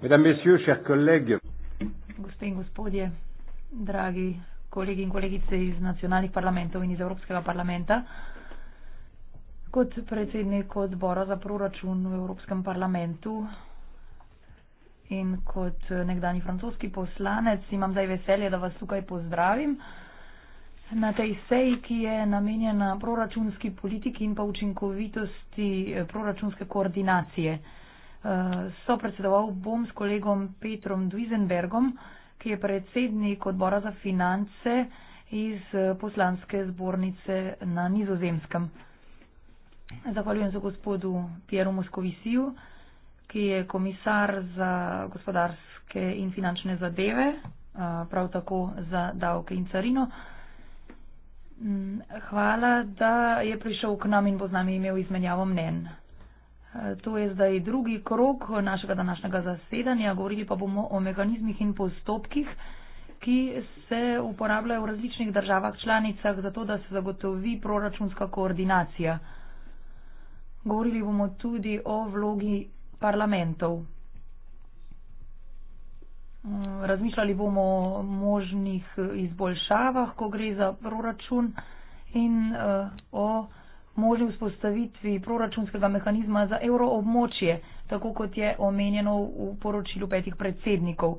Mesdames, Messieurs, chers collègues, Gospe in gospodje, dragi kolegi in kolegice iz nacionalnih parlamentov in iz Evropskega parlamenta, kot predsednik odbora za proračun v Evropskem parlamentu in kot nekdani francoski poslanec imam zdaj veselje, da vas tukaj pozdravim na tej seji, ki je namenjena proračunski politiki in pa učinkovitosti eh, proračunske koordinacije. Eh, so predsedoval bom s kolegom Petrom Duisenbergom, ki je predsednik odbora za finance iz eh, poslanske zbornice na nizozemskem. Zahvaljujem se gospodu Pieru Moskovisiju, ki je komisar za gospodarske in finančne zadeve, eh, prav tako za davke in carino. Mm, hvala, da je prišel k nam in bo z nami imel izmenjavo mnen. To je zdaj drugi krok našega današnjega zasedanja. Govorili pa bomo o mehanizmih in postopkih, ki se uporabljajo v različnih državah članicah, zato da se zagotovi proračunska koordinacija. Govorili bomo tudi o vlogi parlamentov. Razmišljali bomo o možnih izboljšavah, ko gre za proračun in eh, o možni vzpostavitvi proračunskega mehanizma za evroobmočje, tako kot je omenjeno v poročilu petih predsednikov.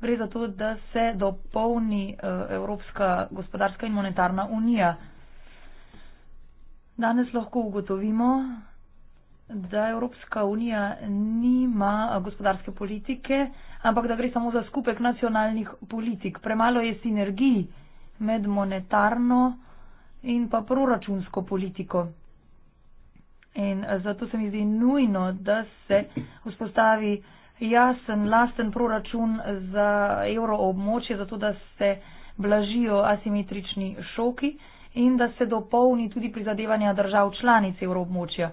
Gre za to, da se dopolni eh, Evropska gospodarska in monetarna unija. Danes lahko ugotovimo, da Evropska unija nima gospodarske politike, ampak da gre samo za skupek nacionalnih politik. Premalo je sinergij med monetarno, in pa proračunsko politiko. In eh, zato se mi zdi nujno, da se vzpostavi jasen, lasten proračun za euroobmočje, zato da se blažijo asimetrični šoki in da se dopolni tudi prizadevanja držav članic euroobmočja.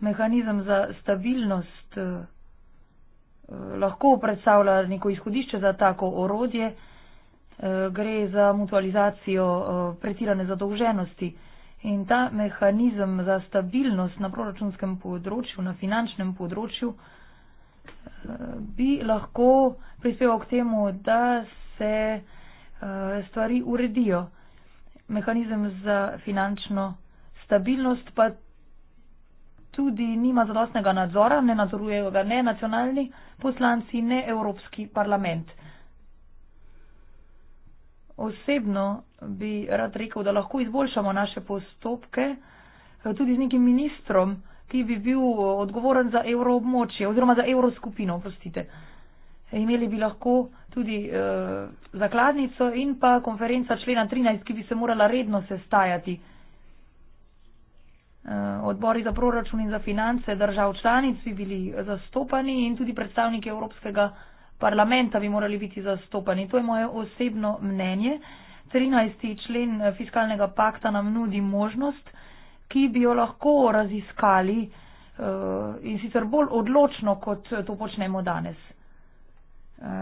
Mehanizem za stabilnost eh, eh, lahko predstavlja neko izhodišče za tako orodje. Eh, gre za mutualizacijo eh, pretirane zadolženosti. In ta mehanizem za stabilnost na proračunskem področju, na finančnem področju, eh, bi lahko prispeval k temu, da se stvari uredijo. Mehanizem za finančno stabilnost pa tudi nima zadostnega nadzora, ne nadzorujejo ga ne nacionalni poslanci, ne Evropski parlament. Osebno bi rad rekel, da lahko izboljšamo naše postopke eh, tudi z nekim ministrom, ki bi bil eh, odgovoren za evroobmočje oziroma za evroskupino. Prostite. Imeli bi lahko tudi eh, zakladnico in pa konferenca člena 13, ki bi se morala redno sestajati. Eh, odbori za proračun in za finance držav članic bi bili zastopani in tudi predstavniki Evropskega parlamenta parlamenta bi morali biti zastopani. To je moje osebno mnenje. 13. člen eh, fiskalnega pakta nam nudi možnost, ki bi jo lahko raziskali eh, in sicer bolj odločno, kot eh, to počnemo danes.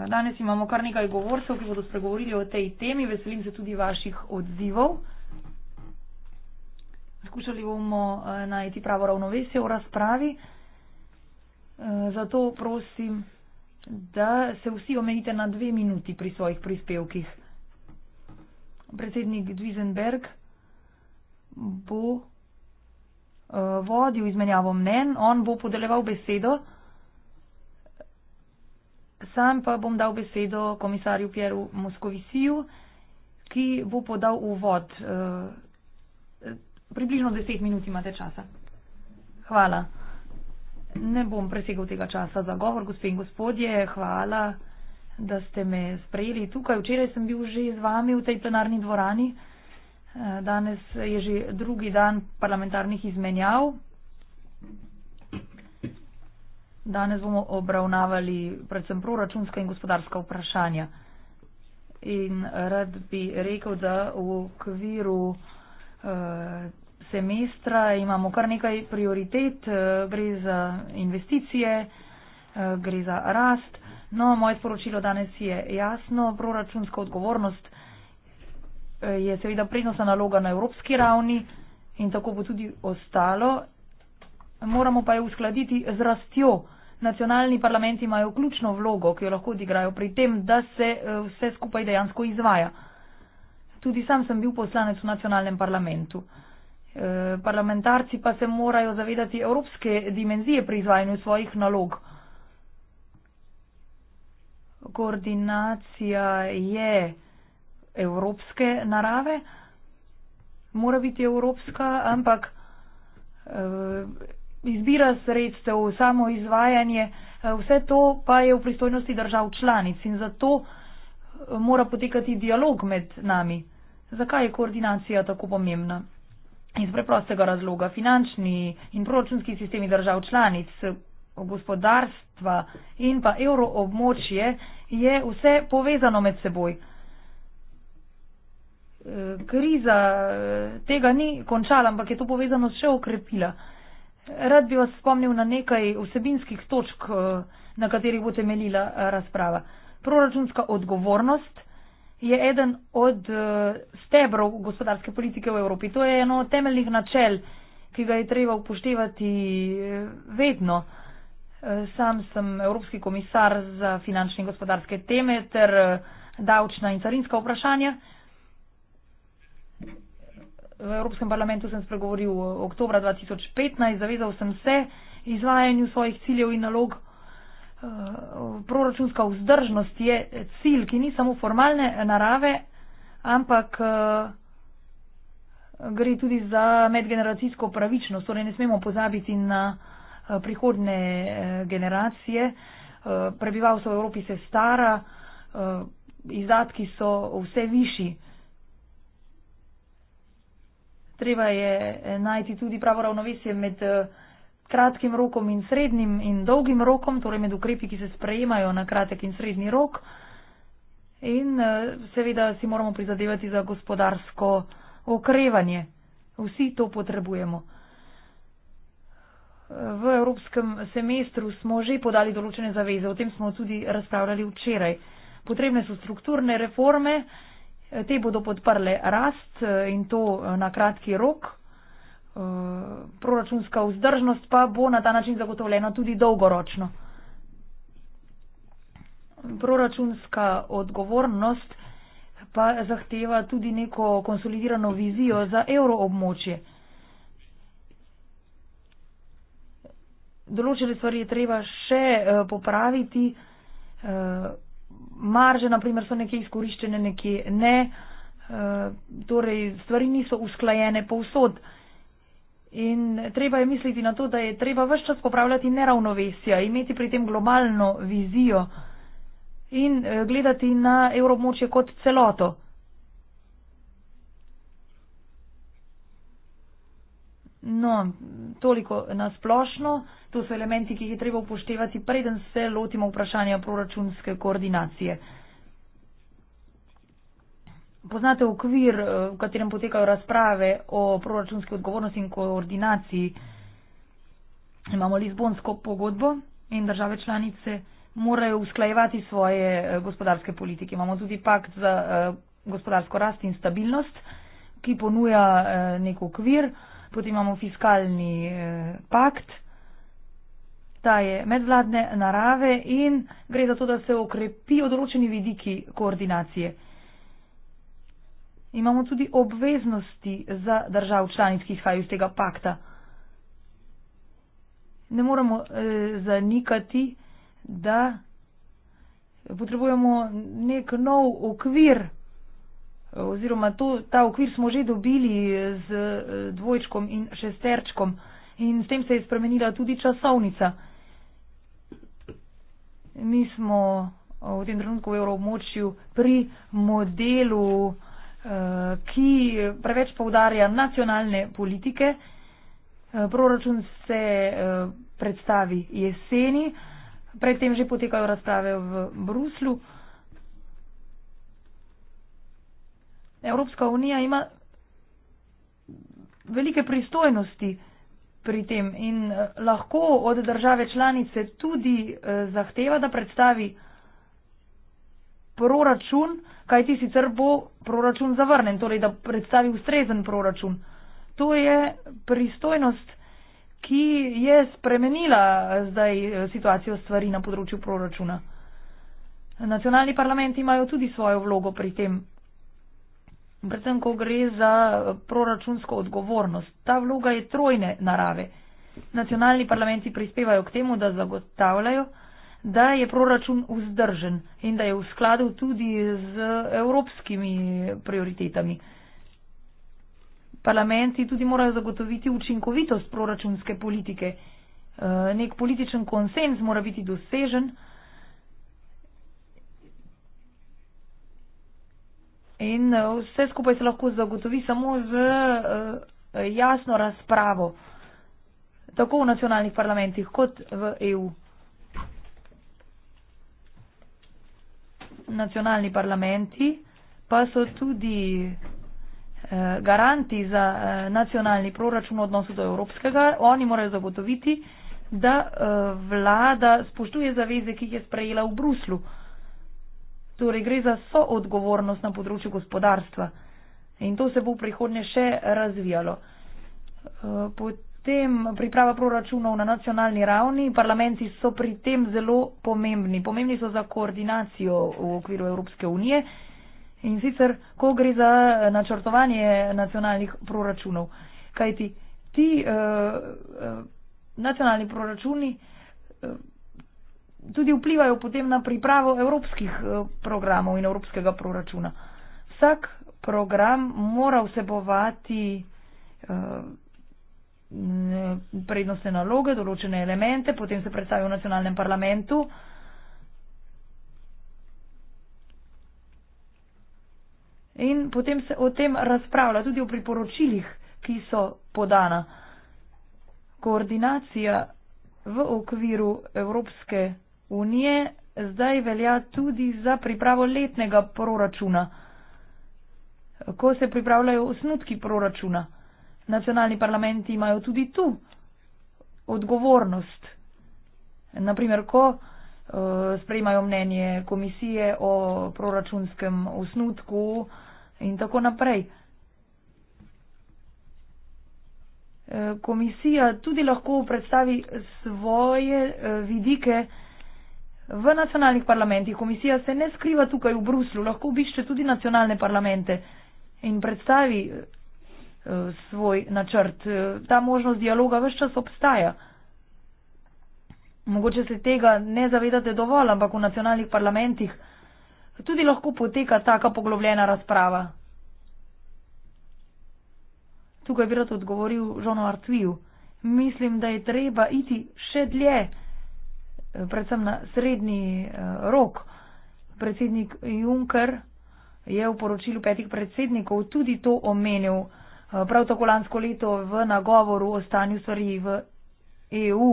Danes imamo kar nekaj govorcev, ki bodo spregovorili o tej temi. Veselim se tudi vaših odzivov. Skušali bomo najti pravo ravnovesje v razpravi. Zato prosim da se vsi omejite na dve minuti pri svojih prispevkih. Predsednik Dvizenberg bo uh, vodil izmenjavo mnen, on bo podeleval besedo, sam pa bom dal besedo komisarju Pieru Moskovisiju, ki bo podal uvod. Uh, približno deset minut imate časa. Hvala. Ne bom presegel tega časa za govor, gospe in gospodje. Hvala, da ste me sprejeli tukaj. Včeraj sem bil že z vami v tej plenarni dvorani. Eh, danes je že drugi dan parlamentarnih izmenjav. Danes bomo obravnavali predvsem proračunska in gospodarska vprašanja. In rad bi rekel, da v okviru eh, semestra imamo kar nekaj prioritet, eh, gre za investicije, eh, gre za rast. No, moje sporočilo danes je jasno, proračunska odgovornost eh, je seveda prednostna naloga na evropski ravni in tako bo tudi ostalo. Moramo pa jo uskladiti z rastjo. Nacionalni parlamenti imajo ključno vlogo, ki jo lahko odigrajo pri tem, da se vse skupaj dejansko izvaja. Tudi sam sem bil poslanec v nacionalnem parlamentu. Eh, parlamentarci pa se morajo zavedati evropske dimenzije pri izvajanju svojih nalog. Koordinacija je evropske narave, mora biti evropska, ampak eh, izbira sredstev, samo izvajanje, eh, vse to pa je v pristojnosti držav članic in zato mora potekati dialog med nami. Zakaj je koordinacija tako pomembna? iz preprostega razloga finančni in proračunski sistemi držav članic, gospodarstva in pa evroobmočje je vse povezano med seboj. E, kriza e, tega ni končala, ampak je to povezanost še okrepila. Rad bi vas spomnil na nekaj vsebinskih točk, e, na katerih bo temeljila razprava. Proračunska odgovornost je eden od eh, stebrov gospodarske politike v Evropi. To je eno temeljnih načel, ki ga je treba upoštevati eh, vedno. Eh, sam sem evropski komisar za finančne in gospodarske teme ter davčna in carinska vprašanja. V Evropskem parlamentu sem spregovoril oktobra 2015, zavezal sem se izvajanju svojih ciljev in nalog Eh, proračunska vzdržnost je cilj, ki ni samo formalne narave, ampak eh, gre tudi za medgeneracijsko pravičnost. Torej ne smemo pozabiti na eh, prihodne generacije. Prebivalstvo v Evropi se stara, izdatki so vse višji. Treba je najti tudi pravo ravnovesje med kratkim rokom in srednjim in dolgim rokom, torej med ukrepi, ki se sprejemajo na kratek in srednji rok. In eh, seveda si moramo prizadevati za gospodarsko okrevanje. Vsi to potrebujemo. V evropskem semestru smo že podali določene zaveze, o tem smo tudi razstavljali včeraj. Potrebne so strukturne reforme, te bodo podprle rast eh, in to eh, na kratki rok. Eh, proračunska vzdržnost pa bo na ta način zagotovljena tudi dolgoročno. Proračunska odgovornost pa zahteva tudi neko konsolidirano vizijo za evroobmočje. Določene stvari je treba še eh, popraviti, eh, marže naprimer so nekje izkoriščene, nekje ne, torej stvari niso usklajene povsod. Po In treba je misliti na to, da je treba vse čas popravljati neravnovesja, imeti pri tem globalno vizijo in eh, gledati na evromočje kot celoto. No, toliko nasplošno, to so elementi, ki jih je treba upoštevati, preden se lotimo vprašanja proračunske koordinacije poznate okvir, eh, v katerem potekajo razprave o proračunski odgovornosti in koordinaciji. Imamo Lizbonsko pogodbo in države članice morajo usklajevati svoje eh, gospodarske politike. Imamo tudi pakt za eh, gospodarsko rast in stabilnost, ki ponuja nek okvir. Potem imamo fiskalni pakt, ta je medvladne narave in gre za to, da se okrepijo določeni vidiki koordinacije imamo tudi obveznosti za držav članic, ki izhajajo iz tega pakta. Ne moremo e, zanikati, da potrebujemo nek nov okvir, oziroma to, ta okvir smo že dobili z eh, dvojčkom in šesterčkom in s tem se je spremenila tudi časovnica. Mi smo eh, v tem trenutku v evroobmočju pri modelu Eh, ki preveč poudarja nacionalne politike. Eh, proračun se eh, predstavi jeseni, predtem že potekajo razprave v Bruslu. Evropska unija ima velike pristojnosti pri tem in lahko od države članice tudi zahteva, da predstavi proračun, kajti sicer bo proračun zavrnen, torej da predstavi ustrezen proračun. To je pristojnost, ki je spremenila zdaj eh, situacijo stvari na področju proračuna. Nacionalni parlamenti imajo tudi svojo vlogo pri tem. Predvsem, ko gre za eh, proračunsko odgovornost. Ta vloga je trojne narave. Nacionalni parlamenti prispevajo k temu, da zagotavljajo, da je proračun vzdržen in da je v skladu tudi z evropskimi prioritetami. Parlamenti tudi morajo zagotoviti učinkovitost proračunske politike. E, nek političen konsens mora biti dosežen in e, vse skupaj se lahko zagotovi samo z e, jasno razpravo, tako v nacionalnih parlamentih kot v EU. nacionalni parlamenti pa so tudi eh, garanti za eh, nacionalni proračun v odnosu do evropskega. Oni morajo zagotoviti, da eh, vlada spoštuje zaveze, ki jih je sprejela v Bruslu. Torej gre za soodgovornost na področju gospodarstva. In to se bo v prihodnje še razvijalo. Eh, tem priprava proračunov na nacionalni ravni. Parlamenti so pri tem zelo pomembni. Pomembni so za koordinacijo v okviru Evropske unije in sicer, ko gre za načrtovanje nacionalnih proračunov. Kajti ti uh, uh, nacionalni proračuni uh, tudi vplivajo potem na pripravo evropskih uh, programov in evropskega proračuna. Vsak program mora vsebovati uh, Mm, prednostne naloge, določene elemente, potem se predstavijo v nacionalnem parlamentu. In potem se o tem razpravlja tudi o priporočilih, ki so podana. Koordinacija v okviru Evropske unije zdaj velja tudi za pripravo letnega proračuna, ko se pripravljajo osnutki proračuna nacionalni parlamenti imajo tudi tu odgovornost. Naprimer, ko eh, sprejmajo mnenje komisije o proračunskem osnutku in tako naprej. Eh, komisija tudi lahko predstavi svoje eh, vidike v nacionalnih parlamentih. Komisija se ne skriva tukaj v Bruslu, lahko obišče tudi nacionalne parlamente in predstavi Eh, svoj načrt. Eh, ta možnost dialoga vse čas obstaja. Mogoče se tega ne zavedate dovolj, ampak v nacionalnih parlamentih tudi lahko poteka taka poglobljena razprava. Tukaj bi rad odgovoril Žono Artviju. Mislim, da je treba iti še dlje, eh, predvsem na srednji rok. Predsednik Juncker je v poročilu petih predsednikov tudi to omenil. Eh, prav tako lansko leto v nagovoru o stanju stvari v EU.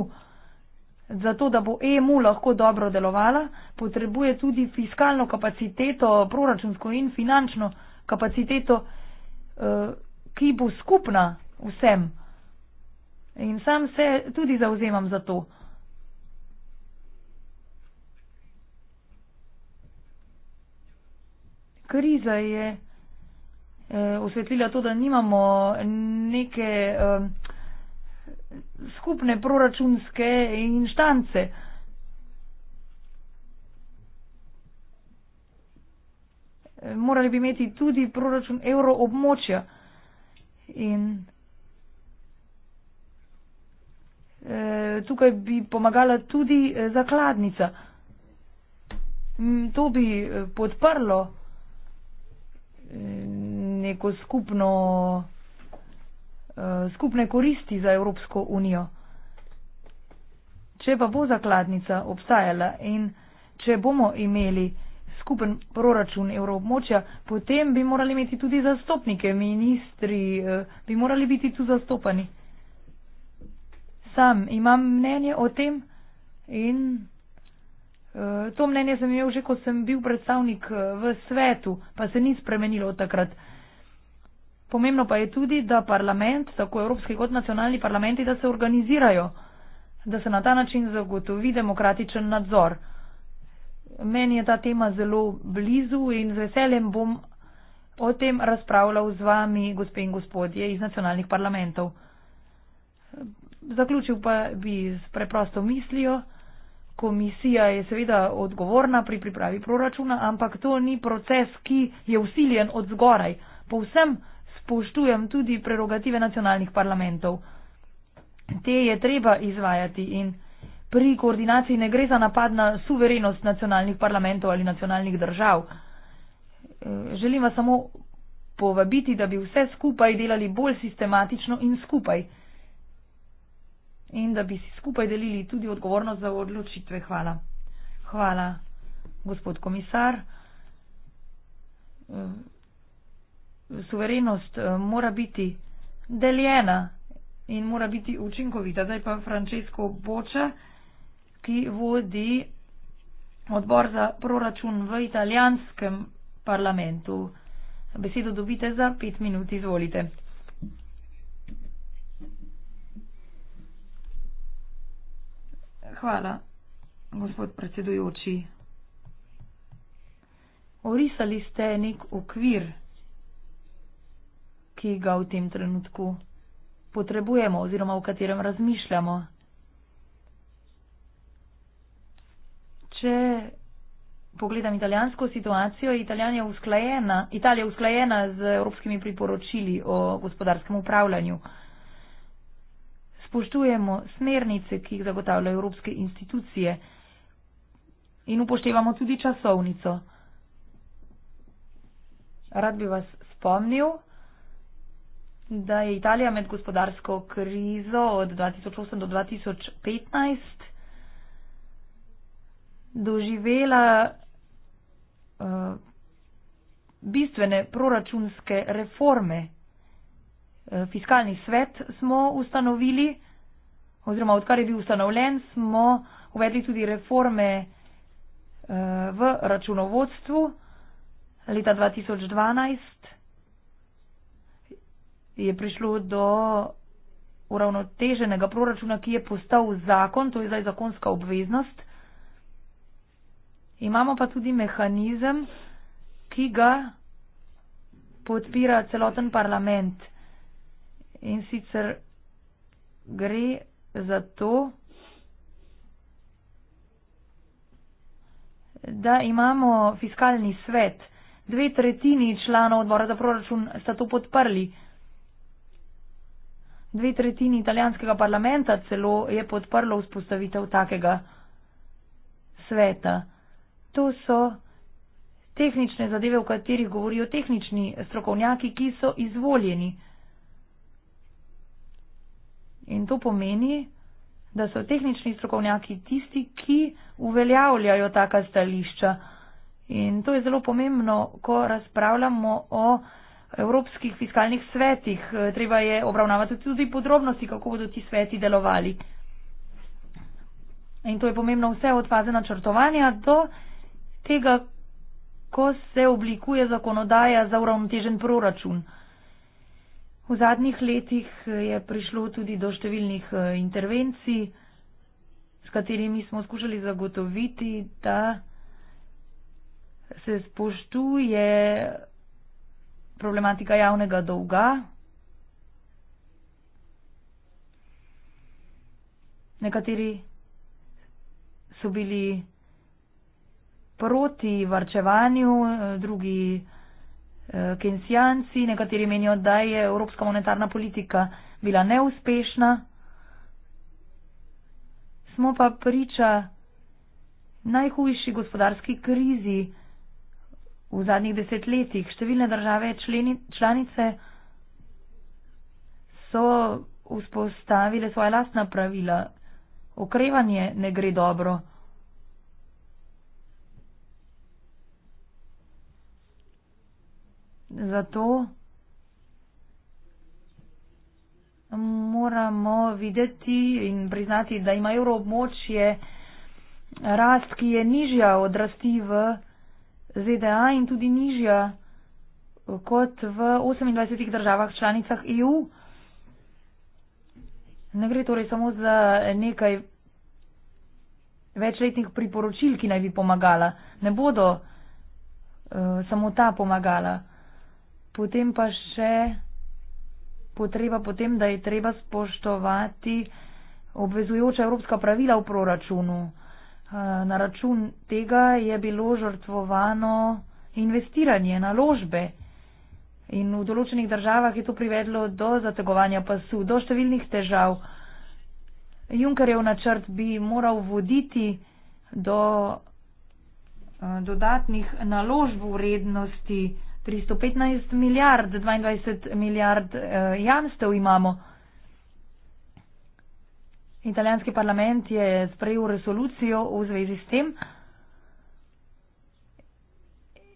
Zato, da bo EMU lahko dobro delovala, potrebuje tudi fiskalno kapaciteto, proračunsko in finančno kapaciteto, eh, ki bo skupna vsem. In sam se tudi zauzemam za to. Kriza je. Eh, osvetlila to, da nimamo neke eh, skupne proračunske inštance. Eh, morali bi imeti tudi proračun evroobmočja. In tukaj bi pomagala tudi zakladnica. Mm, to bi podprlo neko skupno, uh, skupne koristi za Evropsko unijo. Če pa bo zakladnica obstajala in če bomo imeli skupen proračun evroobmočja, potem bi morali imeti tudi zastopnike, ministri, eh, bi morali biti tu zastopani. Sam imam mnenje o tem in eh, to mnenje sem imel že, ko sem bil predstavnik v svetu, pa se ni spremenilo od takrat. Pomembno pa je tudi, da parlament, tako evropski kot nacionalni parlamenti, da se organizirajo, da se na ta način zagotovi demokratičen nadzor. Meni je ta tema zelo blizu in z veseljem bom o tem razpravljal z vami, gospe in gospodje, iz nacionalnih parlamentov. Zaključil pa bi z preprosto mislijo, komisija je seveda odgovorna pri pripravi proračuna, ampak to ni proces, ki je usiljen od zgoraj. Povsem spoštujem tudi prerogative nacionalnih parlamentov. Te je treba izvajati in pri koordinaciji ne gre za napad na suverenost nacionalnih parlamentov ali nacionalnih držav. Želim vas samo povabiti, da bi vse skupaj delali bolj sistematično in skupaj. In da bi si skupaj delili tudi odgovornost za odločitve. Hvala. Hvala, gospod komisar. Uh suverenost eh, mora biti deljena in mora biti učinkovita. Zdaj pa Francesco Boča, ki vodi odbor za proračun v italijanskem parlamentu. Besedo dobite za pet minut, izvolite. Hvala, gospod predsedujoči. Orisali ste nek okvir ki ga v tem trenutku potrebujemo oziroma v katerem razmišljamo. Če pogledam italijansko situacijo, Italijan je Italija je usklajena z evropskimi priporočili o gospodarskem upravljanju. Spoštujemo smernice, ki jih zagotavljajo evropske institucije in upoštevamo tudi časovnico. Rad bi vas spomnil, da je Italija med gospodarsko krizo od 2008 do 2015 doživela uh, bistvene proračunske reforme. Uh, fiskalni svet smo ustanovili, oziroma odkar je bil ustanovljen, smo uvedli tudi reforme uh, v računovodstvu leta 2012 je prišlo do uravnoteženega proračuna, ki je postal zakon, to je zdaj zakonska obveznost. Imamo pa tudi mehanizem, ki ga podpira celoten parlament. In sicer gre za to, da imamo fiskalni svet. Dve tretjini članov odbora za proračun sta to podprli dve tretjini italijanskega parlamenta celo je podprlo vzpostavitev takega sveta. To so tehnične zadeve, o katerih govorijo tehnični strokovnjaki, ki so izvoljeni. In to pomeni, da so tehnični strokovnjaki tisti, ki uveljavljajo taka stališča. In to je zelo pomembno, ko razpravljamo o evropskih fiskalnih svetih. Eh, treba je obravnavati tudi podrobnosti, kako bodo ti sveti delovali. In to je pomembno vse od faze načrtovanja do tega, ko se oblikuje zakonodaja za uravnotežen proračun. V zadnjih letih eh, je prišlo tudi do številnih eh, intervencij, s katerimi smo skušali zagotoviti, da se spoštuje problematika javnega dolga. Nekateri so bili proti varčevanju, drugi eh, kensijanci, nekateri menijo, da je evropska monetarna politika bila neuspešna. Smo pa priča najhujši gospodarski krizi v zadnjih desetletjih številne države členi, članice so vzpostavile svoje lastna pravila. Okrevanje ne gre dobro. Zato moramo videti in priznati, da ima evroobmočje rast, ki je nižja od rasti v ZDA in tudi nižja eh, kot v 28 državah članicah EU. Ne gre torej samo za nekaj večletnih priporočil, ki naj bi pomagala. Ne bodo uh, samo ta pomagala. Potem pa še potreba potem, da je treba spoštovati obvezujoča evropska pravila v proračunu. Eh, na račun tega je bilo žrtvovano investiranje, naložbe. In v določenih državah je to privedlo do zategovanja pasu, do številnih težav. Junkerjev načrt bi moral voditi do eh, dodatnih naložb v vrednosti 315 milijard, 22 milijard eh, jamstev imamo. Italijanski parlament je sprejel resolucijo v zvezi s tem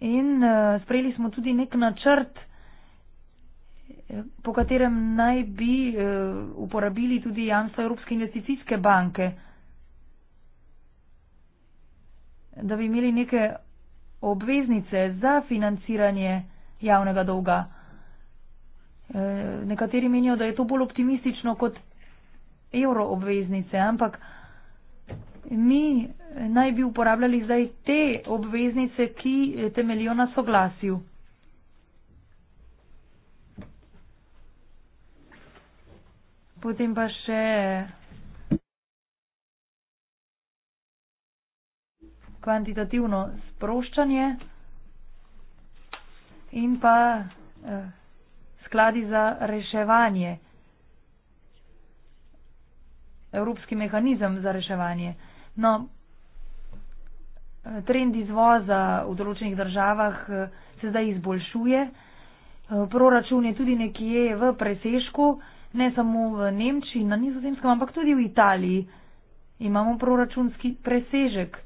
in eh, sprejeli smo tudi nek načrt, po katerem naj bi eh, uporabili tudi jamstva Evropske investicijske banke, da bi imeli neke obveznice za financiranje javnega dolga. Eh, nekateri menijo, da je to bolj optimistično kot evro obveznice, ampak mi naj bi uporabljali zdaj te obveznice, ki temeljijo na soglasju. Potem pa še. Kvantitativno sproščanje in pa eh, skladi za reševanje evropski mehanizem za reševanje. No, trend izvoza v določenih državah eh, se zdaj izboljšuje. Eh, proračun je tudi nekje v presežku, ne samo v Nemčiji, na nizozemskem, ampak tudi v Italiji imamo proračunski presežek.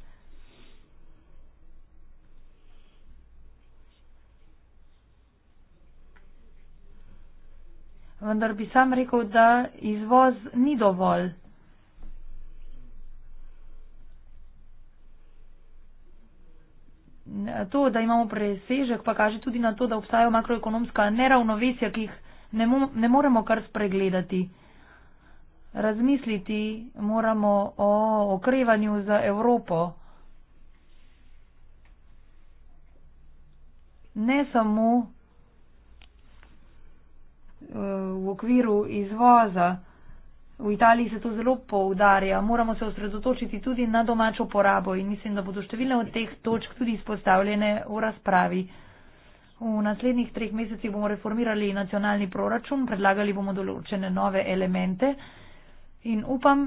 Vendar bi sam rekel, da izvoz ni dovolj. to, da imamo presežek, pa kaže tudi na to, da obstajajo makroekonomska neravnovesja, ki jih ne, mo ne moremo kar spregledati. Razmisliti moramo o okrevanju za Evropo. Ne samo eh, v okviru izvoza. V Italiji se to zelo poudarja. Moramo se osredotočiti tudi na domačo porabo in mislim, da bodo številne od teh točk tudi izpostavljene v razpravi. V naslednjih treh mesecih bomo reformirali nacionalni proračun, predlagali bomo določene nove elemente in upam,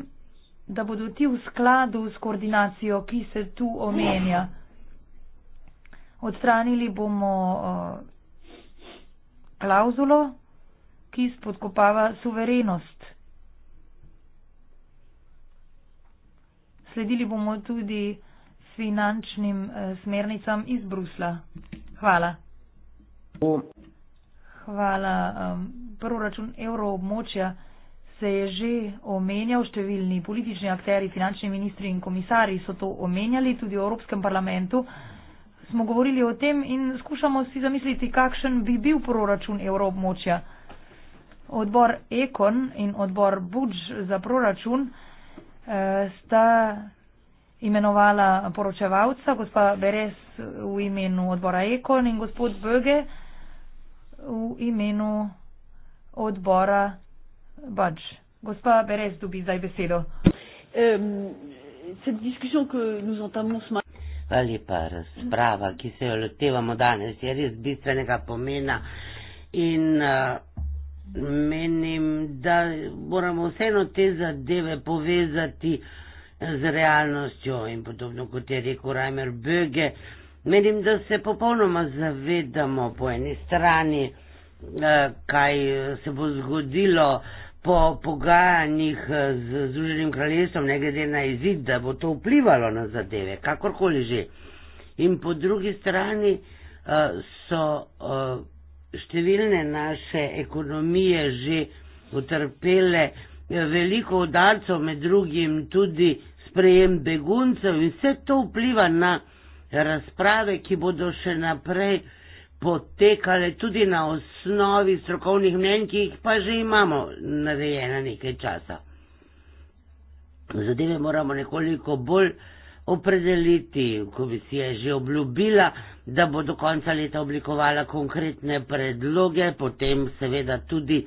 da bodo ti v skladu s koordinacijo, ki se tu omenja. Odstranili bomo uh, klauzulo, ki spodkopava suverenost. sledili bomo tudi finančnim eh, smernicam iz Brusla. Hvala. Hvala. Prvo račun evroobmočja se je že omenjal, številni politični akteri, finančni ministri in komisari so to omenjali tudi v Evropskem parlamentu. Smo govorili o tem in skušamo si zamisliti, kakšen bi bil proračun evroobmočja. Odbor Ekon in odbor Budž za proračun Eh, sta imenovala poročevalca, gospa Beres v imenu odbora Ekon in gospod Böge v imenu odbora Bač. Gospa Beres dobi zdaj besedo. Um, Hvala lepa. Razprava, ki se jo lotevamo danes, je res bistvenega pomena. In, uh, menim, da moramo vseeno te zadeve povezati z realnostjo in podobno kot je rekel Rajmer Böge. Menim, da se popolnoma zavedamo po eni strani, eh, kaj se bo zgodilo po pogajanjih eh, z Združenim kraljestvom, ne glede na izid, da bo to vplivalo na zadeve, kakorkoli že. In po drugi strani eh, so številne naše ekonomije že utrpele eh, veliko udarcev, med drugim tudi sprejem beguncev in vse to vpliva na razprave, ki bodo še naprej potekale tudi na osnovi strokovnih mnen, ki jih pa že imamo narejena nekaj časa. Zadeve moramo nekoliko bolj opredeliti, komisija je že obljubila, da bo do konca leta oblikovala konkretne predloge, potem seveda tudi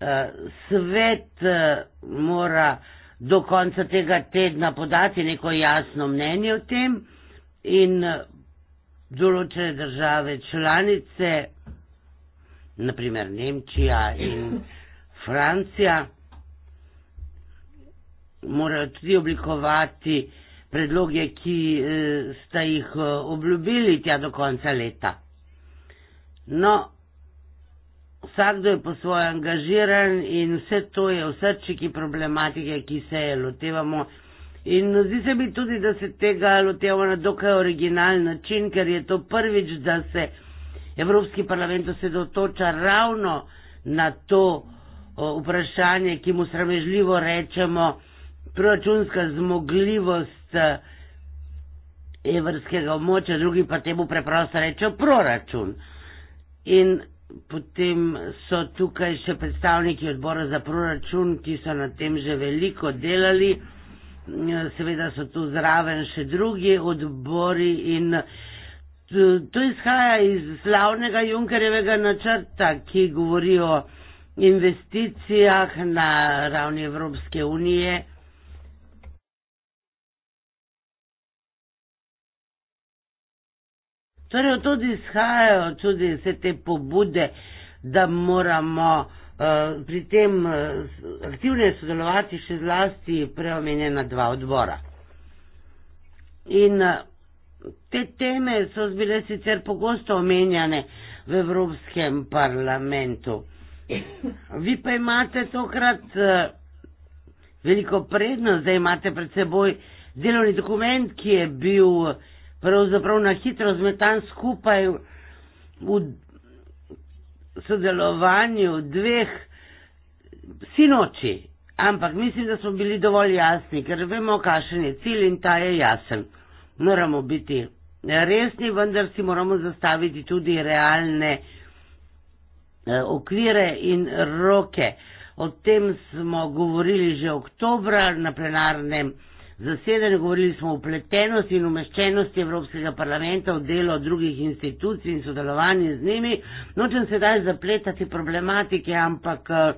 eh, svet eh, mora do konca tega tedna podati neko jasno mnenje o tem in eh, določene države članice, naprimer Nemčija in Francija, morajo tudi oblikovati eh, predloge, ki eh, sta jih eh, obljubili tja do konca leta. No, vsakdo je po svoje angažiran in vse to je v srčiki problematike, ki se je lotevamo. In zdi se mi tudi, da se tega lotevamo na dokaj originalen način, ker je to prvič, da se Evropski parlament osredotoča ravno na to eh, vprašanje, ki mu sramežljivo rečemo, proračunska zmogljivost eh, evrskega območja, drugi pa temu preprosto rečejo proračun. In potem so tukaj še predstavniki odbora za proračun, ki so na tem že veliko delali, eh, seveda so tu zraven še drugi odbori in to, to izhaja iz slavnega Junkerjevega načrta, ki govori o investicijah na ravni Evropske unije. Prvo torej, tudi izhajajo tudi vse te pobude, da moramo uh, pri tem uh, eh, aktivne sodelovati še zlasti preomenjena dva odbora. In uh, te teme so bile sicer pogosto omenjane v Evropskem parlamentu. Vi pa imate tokrat uh, veliko prednost, da imate pred seboj delovni dokument, ki je bil uh, pravzaprav na hitro zmetan skupaj v sodelovanju dveh sinoči. Ampak mislim, da smo bili dovolj jasni, ker vemo, kakšen je cilj in ta je jasen. Moramo biti resni, vendar si moramo zastaviti tudi realne eh, okvire in roke. O tem smo govorili že oktobra na plenarnem zasedanju govorili smo o pletenosti in umeščenosti Evropskega parlamenta v delo drugih institucij in sodelovanju z njimi. Nočem se daj zapletati problematike, ampak eh,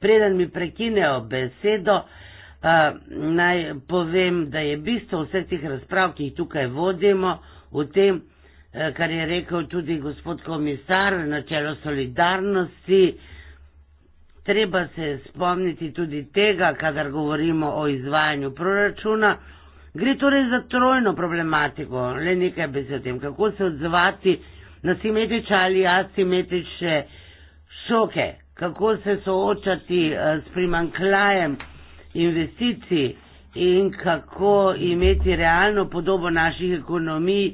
preden mi prekinejo besedo, eh, naj povem, da je bistvo vseh teh razprav, ki jih tukaj vodimo, v tem, eh, kar je rekel tudi gospod komisar, načelo solidarnosti, Treba se spomniti tudi tega, kadar govorimo o izvajanju proračuna. Gre torej za trojno problematiko, le nekaj besed o tem, kako se odzvati na simetrične ali asimetrične šoke, kako se soočati eh, s primankljajem investicij in kako imeti realno podobo naših ekonomij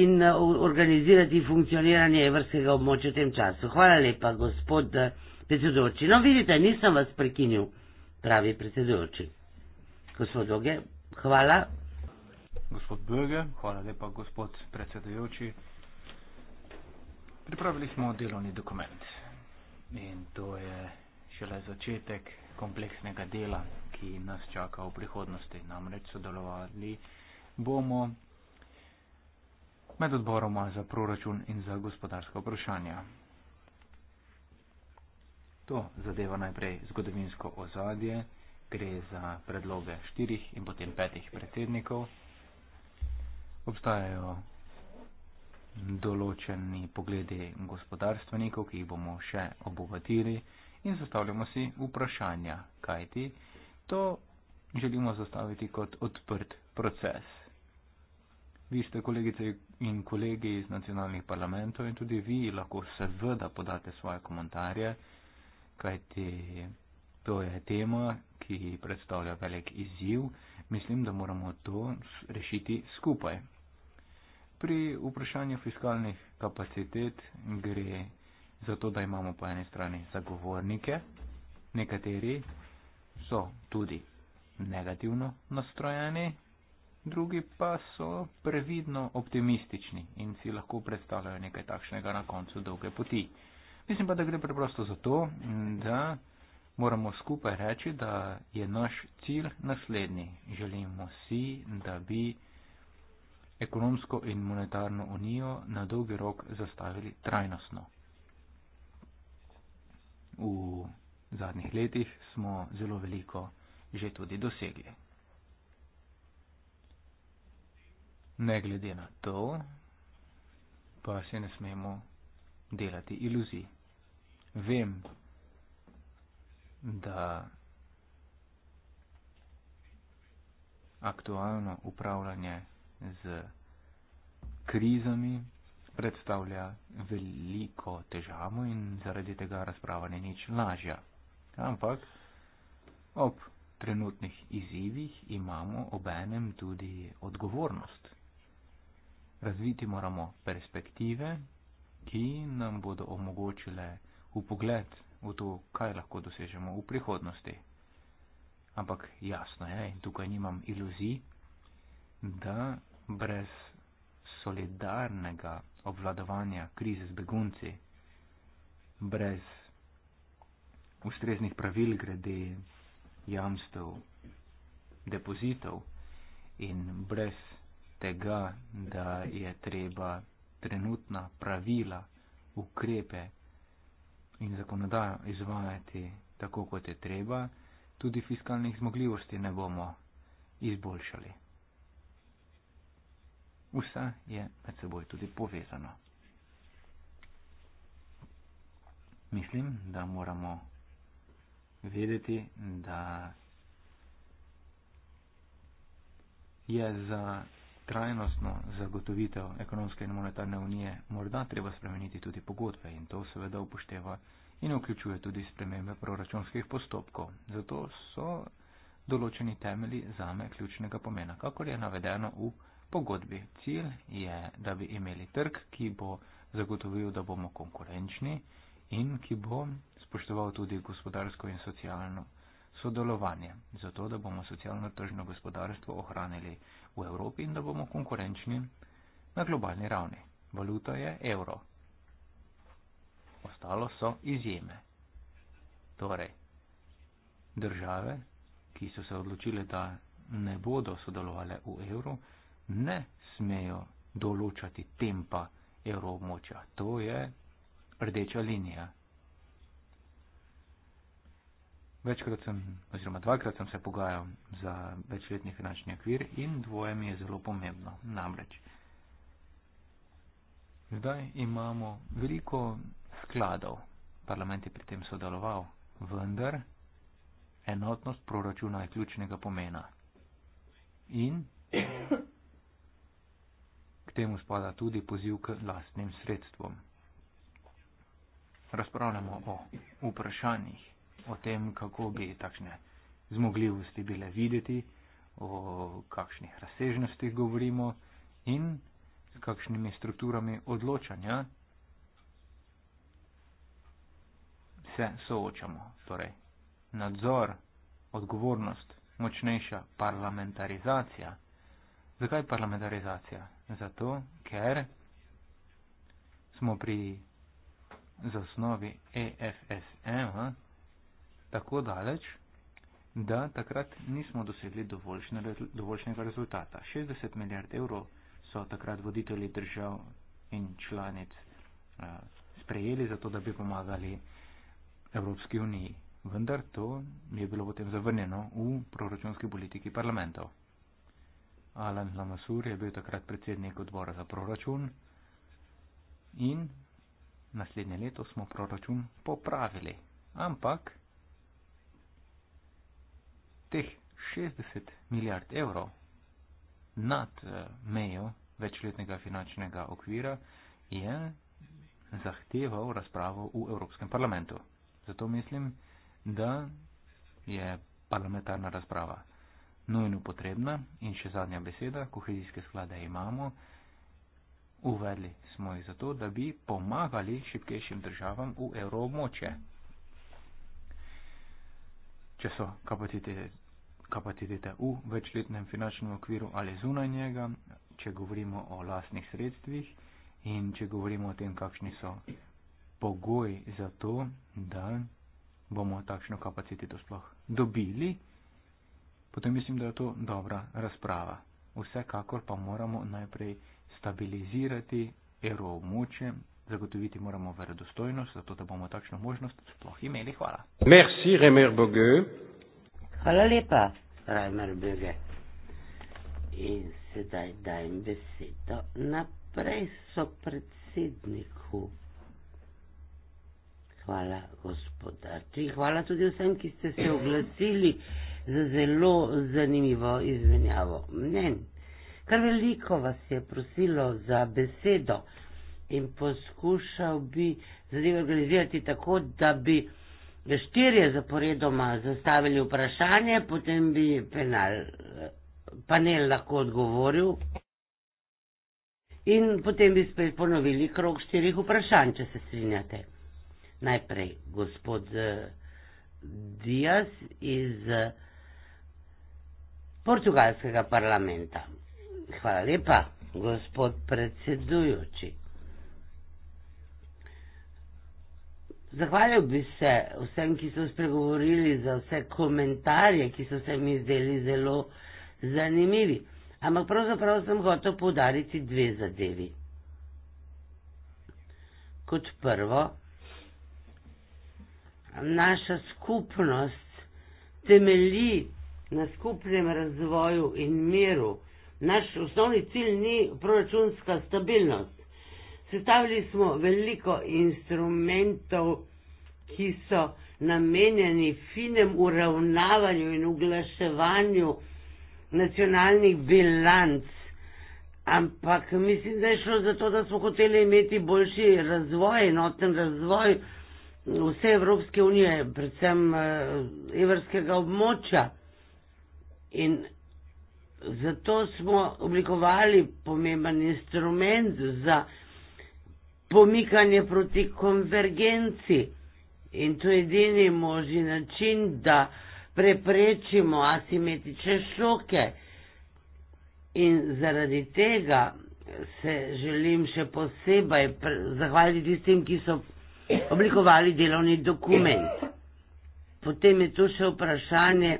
in eh, organizirati funkcioniranje evrskega območja v tem času. Hvala lepa, gospod. Eh, Predsedujoči, no vidite, nisem vas prekinil, pravi predsedujoči. Gospod Doge, hvala. Gospod Böge, hvala lepa, gospod predsedujoči. Pripravili smo delovni dokument in to je šele začetek kompleksnega dela, ki nas čaka v prihodnosti. Namreč sodelovali bomo med odboroma za proračun in za gospodarska vprašanja to zadeva najprej zgodovinsko ozadje, gre za predloge štirih in potem petih predsednikov. Obstajajo določeni pogledi gospodarstvenikov, ki jih bomo še obogatili in zastavljamo si vprašanja, kajti to želimo zastaviti kot odprt proces. Vi ste kolegice in kolegi iz nacionalnih parlamentov in tudi vi lahko seveda podate svoje komentarje, kajti to je tema, ki predstavlja velik izziv. Mislim, da moramo to rešiti skupaj. Pri vprašanju fiskalnih kapacitet gre za to, da imamo po eni strani zagovornike, nekateri so tudi negativno nastrojeni, drugi pa so previdno optimistični in si lahko predstavljajo nekaj takšnega na koncu dolge poti. Mislim pa, da gre preprosto za to, da moramo skupaj reči, da je naš cilj naslednji. Želimo si, da bi ekonomsko in monetarno unijo na dolgi rok zastavili trajnostno. V zadnjih letih smo zelo veliko že tudi dosegli. Ne glede na to, pa se ne smemo delati iluzij. Vem, da aktualno upravljanje z krizami predstavlja veliko težavo in zaradi tega razprava ni nič lažja. Ampak ob trenutnih izzivih imamo obenem tudi odgovornost. Razviti moramo perspektive, ki nam bodo omogočile upogled v to, kaj lahko dosežemo v prihodnosti. Ampak jasno je, in tukaj nimam iluzij, da brez solidarnega obvladovanja krize z begunci, brez ustreznih pravil grede jamstev, depozitov in brez tega, da je treba trenutna pravila, ukrepe in zakonodajo izvajati tako, kot je treba, tudi fiskalnih zmogljivosti ne bomo izboljšali. Vse je med seboj tudi povezano. Mislim, da moramo vedeti, da je za trajnostno zagotovitev ekonomske in monetarne unije, morda treba spremeniti tudi pogodbe in to seveda upošteva in vključuje tudi spremembe proračunskih postopkov. Zato so določeni temelji zame ključnega pomena, kakor je navedeno v pogodbi. Cilj je, da bi imeli trg, ki bo zagotovil, da bomo konkurenčni in ki bo spoštoval tudi gospodarsko in socialno sodelovanje, zato da bomo socialno tržno gospodarstvo ohranili v Evropi in da bomo konkurenčni na globalni ravni. Valuta je evro. Ostalo so izjeme. Torej, države, ki so se odločile, da ne bodo sodelovali v evru, ne smejo določati tempa evroobmoča. To je rdeča linija. Večkrat sem, oziroma dvakrat sem se pogajal za večletni finančni okvir in dvoje mi je zelo pomembno. Namreč, zdaj imamo veliko skladov, parlament je pri tem sodeloval, vendar enotnost proračuna je ključnega pomena. In k temu spada tudi poziv k lastnim sredstvom. Razpravljamo o vprašanjih o tem, kako bi takšne zmogljivosti bile videti, o kakšnih razsežnostih govorimo in s kakšnimi strukturami odločanja se soočamo. Torej, nadzor, odgovornost, močnejša parlamentarizacija. Zakaj parlamentarizacija? Zato, ker smo pri zasnovi EFSM. Ha? tako daleč, da takrat nismo dosegli dovoljšnega rezultata. 60 milijard evrov so takrat voditelji držav in članic eh, sprejeli za to, da bi pomagali Evropski uniji. Vendar to je bilo potem zavrnjeno v proračunski politiki parlamentov. Alan Lamasur je bil takrat predsednik odbora za proračun in naslednje leto smo proračun popravili. Ampak teh 60 milijard evrov nad eh, mejo večletnega finančnega okvira je zahteval razpravo v Evropskem parlamentu. Zato mislim, da je parlamentarna razprava nujno potrebna in še zadnja beseda, kohezijske sklade imamo, uvedli smo jih zato, da bi pomagali šipkejšim državam v evroobmoče. Če so kapacitete kapacitete v večletnem finančnem okviru ali zunaj njega, če govorimo o lastnih sredstvih in če govorimo o tem, kakšni so pogoji za to, da bomo takšno kapaciteto sploh dobili, potem mislim, da je to dobra razprava. Vsekakor pa moramo najprej stabilizirati evro območje, zagotoviti moramo verodostojnost, zato da bomo takšno možnost sploh imeli. Hvala. Merci, Remer Bogue. Hvala lepa, Rajmer Bege. In sedaj dajem besedo naprej so predsedniku. Hvala, gospodarči. Hvala tudi vsem, ki ste se oglasili za zelo zanimivo izmenjavo mnen. Kar veliko vas je prosilo za besedo in poskušal bi zadevo organizirati tako, da bi da štirje zaporedoma zastavili vprašanje, potem bi penal, panel lahko odgovoril in potem bi spet ponovili krok štirih vprašanj, če se strinjate. Najprej gospod eh, Dias iz eh, portugalskega parlamenta. Hvala lepa, gospod predsedujoči. Zahvalil bi se vsem, ki so spregovorili za vse komentarje, ki so se mi zdeli zelo zanimivi. Ampak pravzaprav sem hotel podariti dve zadevi. Kot prvo, naša skupnost temelji na skupnem razvoju in miru. Naš osnovni cilj ni proračunska stabilnost. Sestavili smo veliko instrumentov, ki so namenjeni finem uravnavanju in uglaševanju nacionalnih bilanc. Ampak mislim, da je šlo za to, da smo hoteli imeti boljši razvoj, enoten razvoj vse Evropske unije, predvsem eh, evrskega območja. In zato smo oblikovali pomemben instrument za pomikanje proti konvergenci. In to je edini možni način, da preprečimo asimetrične šoke. In zaradi tega se želim še posebej zahvaliti tistim, ki so oblikovali delovni dokument. Potem je tu še vprašanje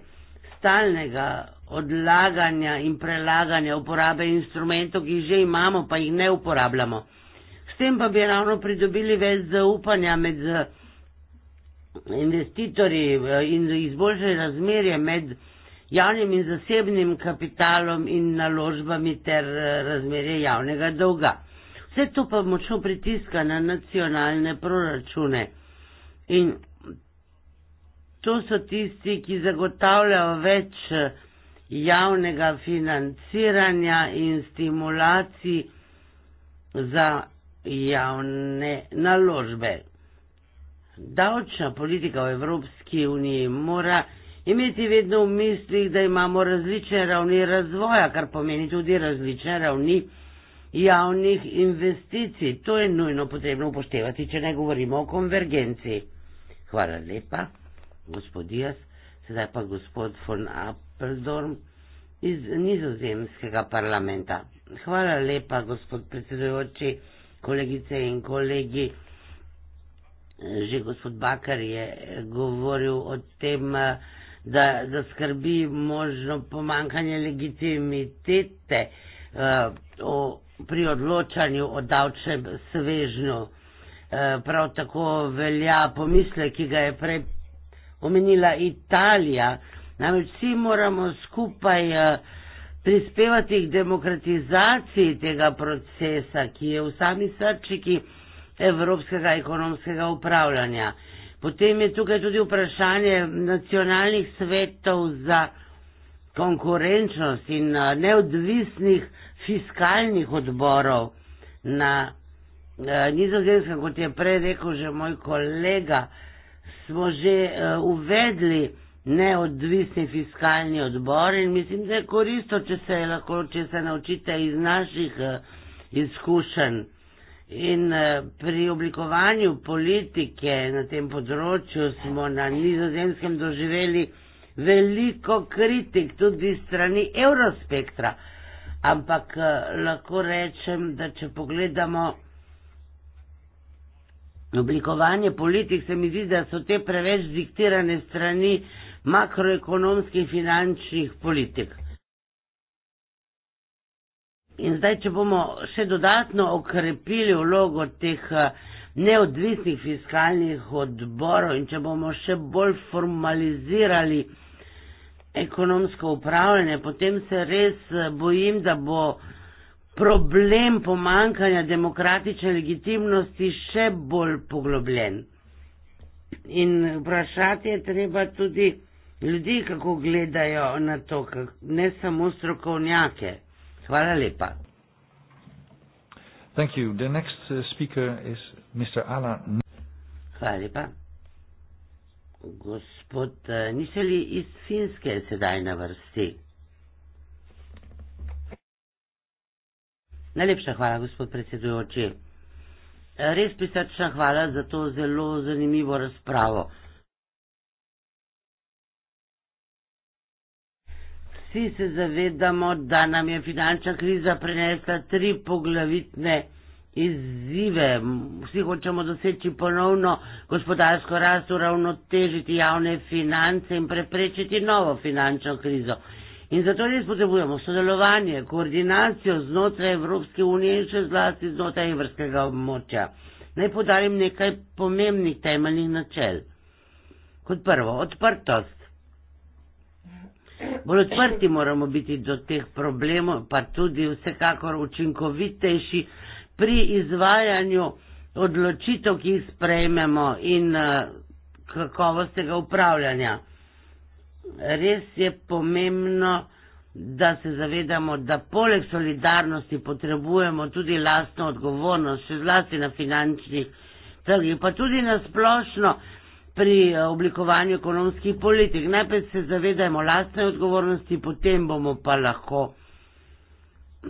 stalnega odlaganja in prelaganja uporabe instrumentov, ki jih že imamo, pa jih ne uporabljamo tem pa bi ravno pridobili več zaupanja med eh, investitorji eh, in izboljšali razmerje med javnim in zasebnim kapitalom in naložbami ter eh, razmerje javnega dolga. Vse to pa močno pritiska na nacionalne proračune. In to so tisti, ki zagotavljajo več javnega financiranja in stimulacij za javne naložbe. Davčna politika v Evropski uniji mora imeti vedno v mislih, da imamo različne ravni razvoja, kar pomeni tudi različne ravni javnih investicij. To je nujno potrebno upoštevati, če ne govorimo o konvergenciji. Hvala lepa, gospod Dias, sedaj pa gospod von Appeldorn iz nizozemskega parlamenta. Hvala lepa, gospod predsedujoči kolegice in kolegi. Že gospod Bakar je govoril o tem, da, da skrbi možno pomankanje legitimitete uh, o, pri odločanju o davčnem svežnju. Eh, prav tako velja pomisle, ki ga je prej omenila Italija. Namreč vsi moramo skupaj uh, prispevati k demokratizaciji tega procesa, ki je v sami srčiki evropskega ekonomskega upravljanja. Potem je tukaj tudi vprašanje nacionalnih svetov za konkurenčnost in neodvisnih fiskalnih odborov na nizozemskem, kot je prej rekel že moj kolega, smo že uvedli neodvisni fiskalni odbor in mislim, da je koristo, če se lahko, če se naučite iz naših eh, izkušenj. In eh, pri oblikovanju politike na tem področju smo na nizozemskem doživeli veliko kritik tudi strani Eurospektra. Ampak eh, lahko rečem, da če pogledamo oblikovanje politik, se mi zdi, da so te preveč diktirane strani uh, makroekonomskih finančnih politik. In zdaj, če bomo še dodatno okrepili vlogo teh eh, neodvisnih fiskalnih odborov in če bomo še bolj formalizirali ekonomsko upravljanje, potem se res eh, bojim, da bo problem pomankanja demokratične legitimnosti še bolj poglobljen. In vprašati je treba tudi, ljudi, kako gledajo na to, ne samo strokovnjake. Hvala lepa. Thank you. The next uh, speaker is Mr. Alan. Hvala lepa. Gospod, eh, niste li iz Finske sedaj na vrsti? Najlepša hvala, gospod predsedujoči. Res prisrčna hvala za to zelo zanimivo razpravo. Uh, Vsi se zavedamo, da nam je finančna kriza prenesla tri poglavitne izzive. Vsi hočemo doseči ponovno gospodarsko rast, uravnotežiti javne finance in preprečiti novo finančno krizo. In zato res potrebujemo sodelovanje, koordinacijo znotraj Evropske unije in še zlasti znotraj evrskega območja. Naj podarim nekaj pomembnih temeljnih načel. Kot prvo, odprtost bolj odprti moramo biti do teh problemov, pa tudi vsekakor učinkovitejši pri izvajanju odločitev, ki jih sprejmemo in eh, kakovostnega upravljanja. Res je pomembno, da se zavedamo, da poleg solidarnosti potrebujemo tudi lastno odgovornost, še zlasti na finančnih trgih, pa tudi na splošno, pri eh, oblikovanju ekonomskih politik. Najprej se zavedajmo lastne odgovornosti, potem bomo pa lahko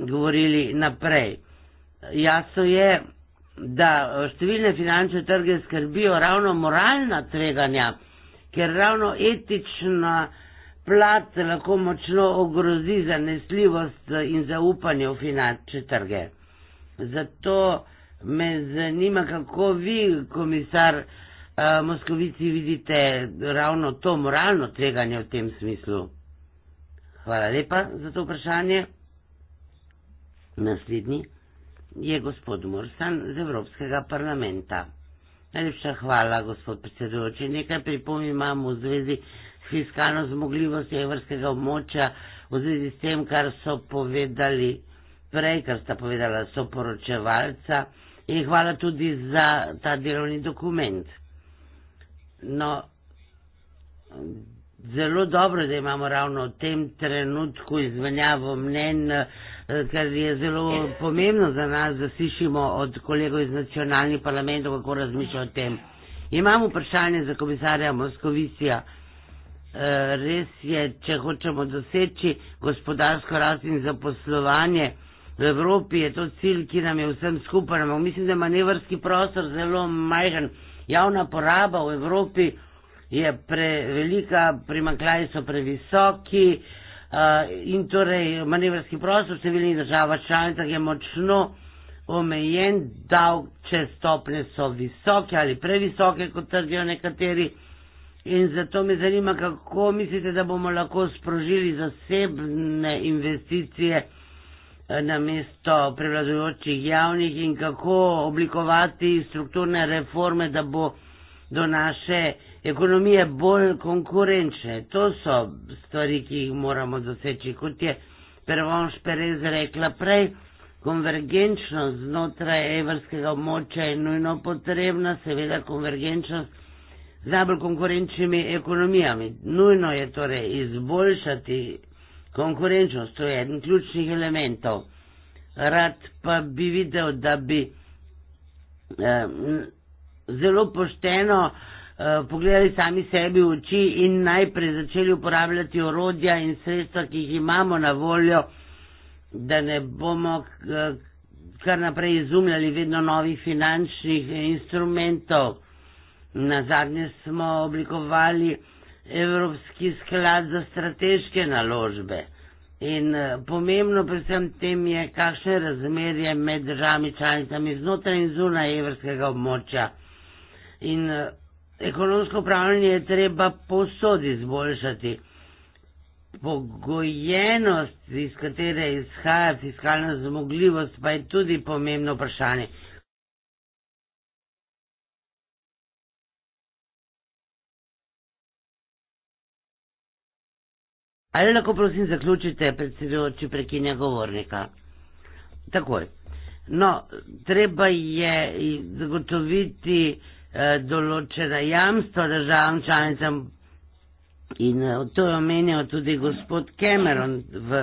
govorili naprej. Jasno je, da eh, številne finančne trge skrbijo ravno moralna tveganja, ker ravno etična plat lahko močno ogrozi zanesljivost eh, in zaupanje v finančne trge. Zato me zanima, kako vi, komisar, Eh, Moskovici vidite ravno to moralno tveganje v tem smislu? Hvala lepa za to vprašanje. Naslednji je gospod Morsan z Evropskega parlamenta. Najlepša hvala, gospod predsedujoči. Nekaj pripomi imamo v zvezi s fiskalno zmogljivostjo evrskega območja, v zvezi s tem, kar so povedali prej, kar sta povedala soporočevalca. In hvala tudi za ta delovni dokument. No, zelo dobro, da imamo ravno v tem trenutku izmenjavo mnen, eh, ker je zelo pomembno za nas, da slišimo od kolegov iz nacionalnih parlamentov, kako razmišljajo o tem. Imamo vprašanje za komisarja Moskovicija. Eh, res je, če hočemo doseči gospodarsko rast in zaposlovanje v Evropi, je to cilj, ki nam je vsem skupaj. Mislim, da je manevrski prostor zelo majhen javna poraba v Evropi je prevelika, primankljaji so previsoki uh, in torej manevrski prostor v številnih državah članicah je močno omejen, davčne stopne so visoke ali previsoke, kot trdijo nekateri. In zato me zanima, kako mislite, da bomo lahko sprožili zasebne investicije na mesto prevladujočih javnih in kako oblikovati strukturne reforme, da bo do naše ekonomije bolj konkurenčne. To so stvari, ki jih moramo doseči, kot je Pervon Šperez rekla prej. Konvergenčnost znotraj evrskega območja je nujno potrebna, seveda konvergenčnost z najbolj konkurenčnimi ekonomijami. Nujno je torej izboljšati Konkurenčnost, to je eden ključnih elementov. Rad pa bi videl, da bi eh, zelo pošteno eh, pogledali sami sebi v oči in najprej začeli uporabljati orodja in sredstva, ki jih imamo na voljo, da ne bomo eh, kar naprej izumljali vedno novih finančnih instrumentov. Na zadnje smo oblikovali Evropski sklad za strateške naložbe. In eh, pomembno pri vsem tem je, kakšne razmerje med državami članicami znotraj in zunaj evrskega območja. In eh, ekonomsko upravljanje je treba posod izboljšati. Pogojenost, iz katere izhaja fiskalna zmogljivost, pa je tudi pomembno vprašanje. Ali lahko prosim zaključite, predsedujoči prekinja govornika? Takoj. No, treba je zagotoviti eh, določena jamstva državam članicam in eh, to je omenjal tudi gospod Cameron v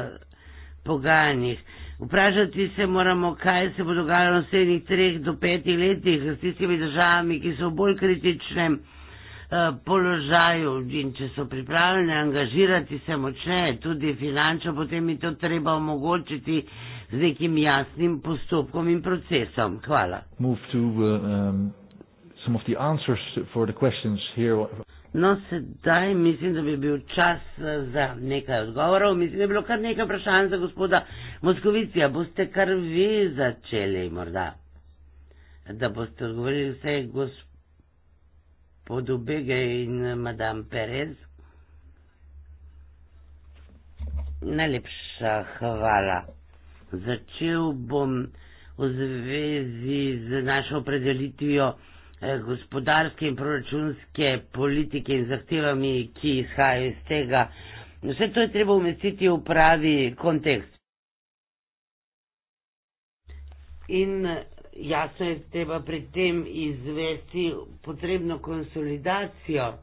pogajanjih. Vprašati se moramo, kaj se bo dogajalo v naslednjih treh do petih letih s tistimi državami, ki so v bolj kritičnem. Eh, položaju in če so pripravljene angažirati se močneje, tudi finančno, potem je to treba omogočiti z nekim jasnim postopkom in procesom. Hvala. Uh, um, no, sedaj mislim, da bi bil čas eh, za nekaj odgovorov. Mislim, da je bilo kar nekaj vprašanj za gospoda Moskovicija. Boste kar vi začeli, morda, da boste odgovorili vse gospod gospod Ubege in eh, madame Perez. Najlepša hvala. Začel bom v zvezi z našo opredelitvijo eh, gospodarske in proračunske politike in zahtevami, ki izhajajo iz tega. Vse to je treba umestiti v pravi kontekst. In jasno je treba pri tem izvesti potrebno konsolidacijo.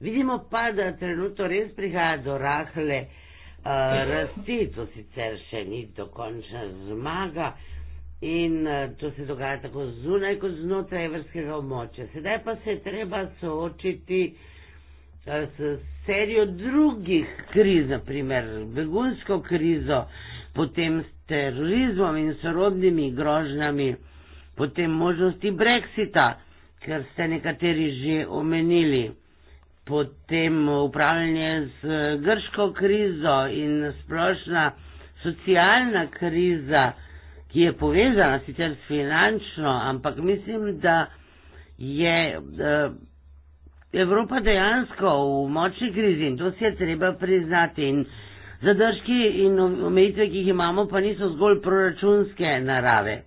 Vidimo pa, da trenutno res prihaja do rahle uh, rasti, to sicer še ni dokončna zmaga in uh, to se dogaja tako zunaj kot znotraj evrskega območja. Sedaj pa se je treba soočiti uh, s serijo drugih kriz, naprimer begunsko krizo, uh, potem s terorizmom in sorodnimi grožnjami, potem možnosti brexita, ker ste nekateri že omenili, potem upravljanje z grško krizo in splošna socialna kriza, ki je povezana sicer s finančno, ampak mislim, da je eh, Evropa dejansko v močni krizi in to si je treba priznati. In Zadržki in omejitve, ki jih imamo, pa niso zgolj proračunske narave.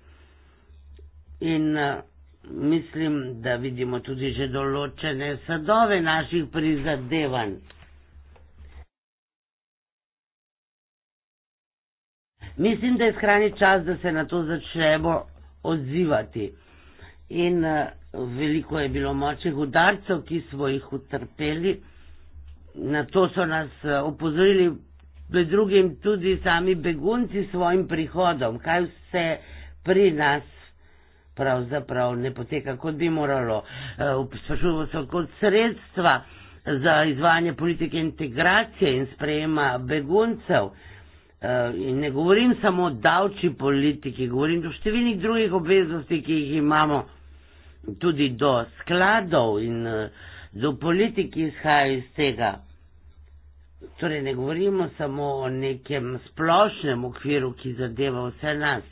In eh, mislim, da vidimo tudi že določene sadove naših prizadevanj. Mislim, da je skrajni čas, da se na to začnemo odzivati. In eh, veliko je bilo močnih udarcev, ki smo jih utrpeli. Na to so nas eh, opozorili med drugim tudi sami begunci s svojim prihodom, kaj vse pri nas. Pravzaprav ne poteka, kot bi moralo. E, sprašujemo se, kot sredstva za izvajanje politike integracije in sprejema beguncev. E, in ne govorim samo o davči politiki, govorim o številnih drugih obveznosti, ki jih imamo tudi do skladov in e, do politiki izhaja iz tega. Torej, ne govorimo samo o nekem splošnem okviru, ki zadeva vse nas.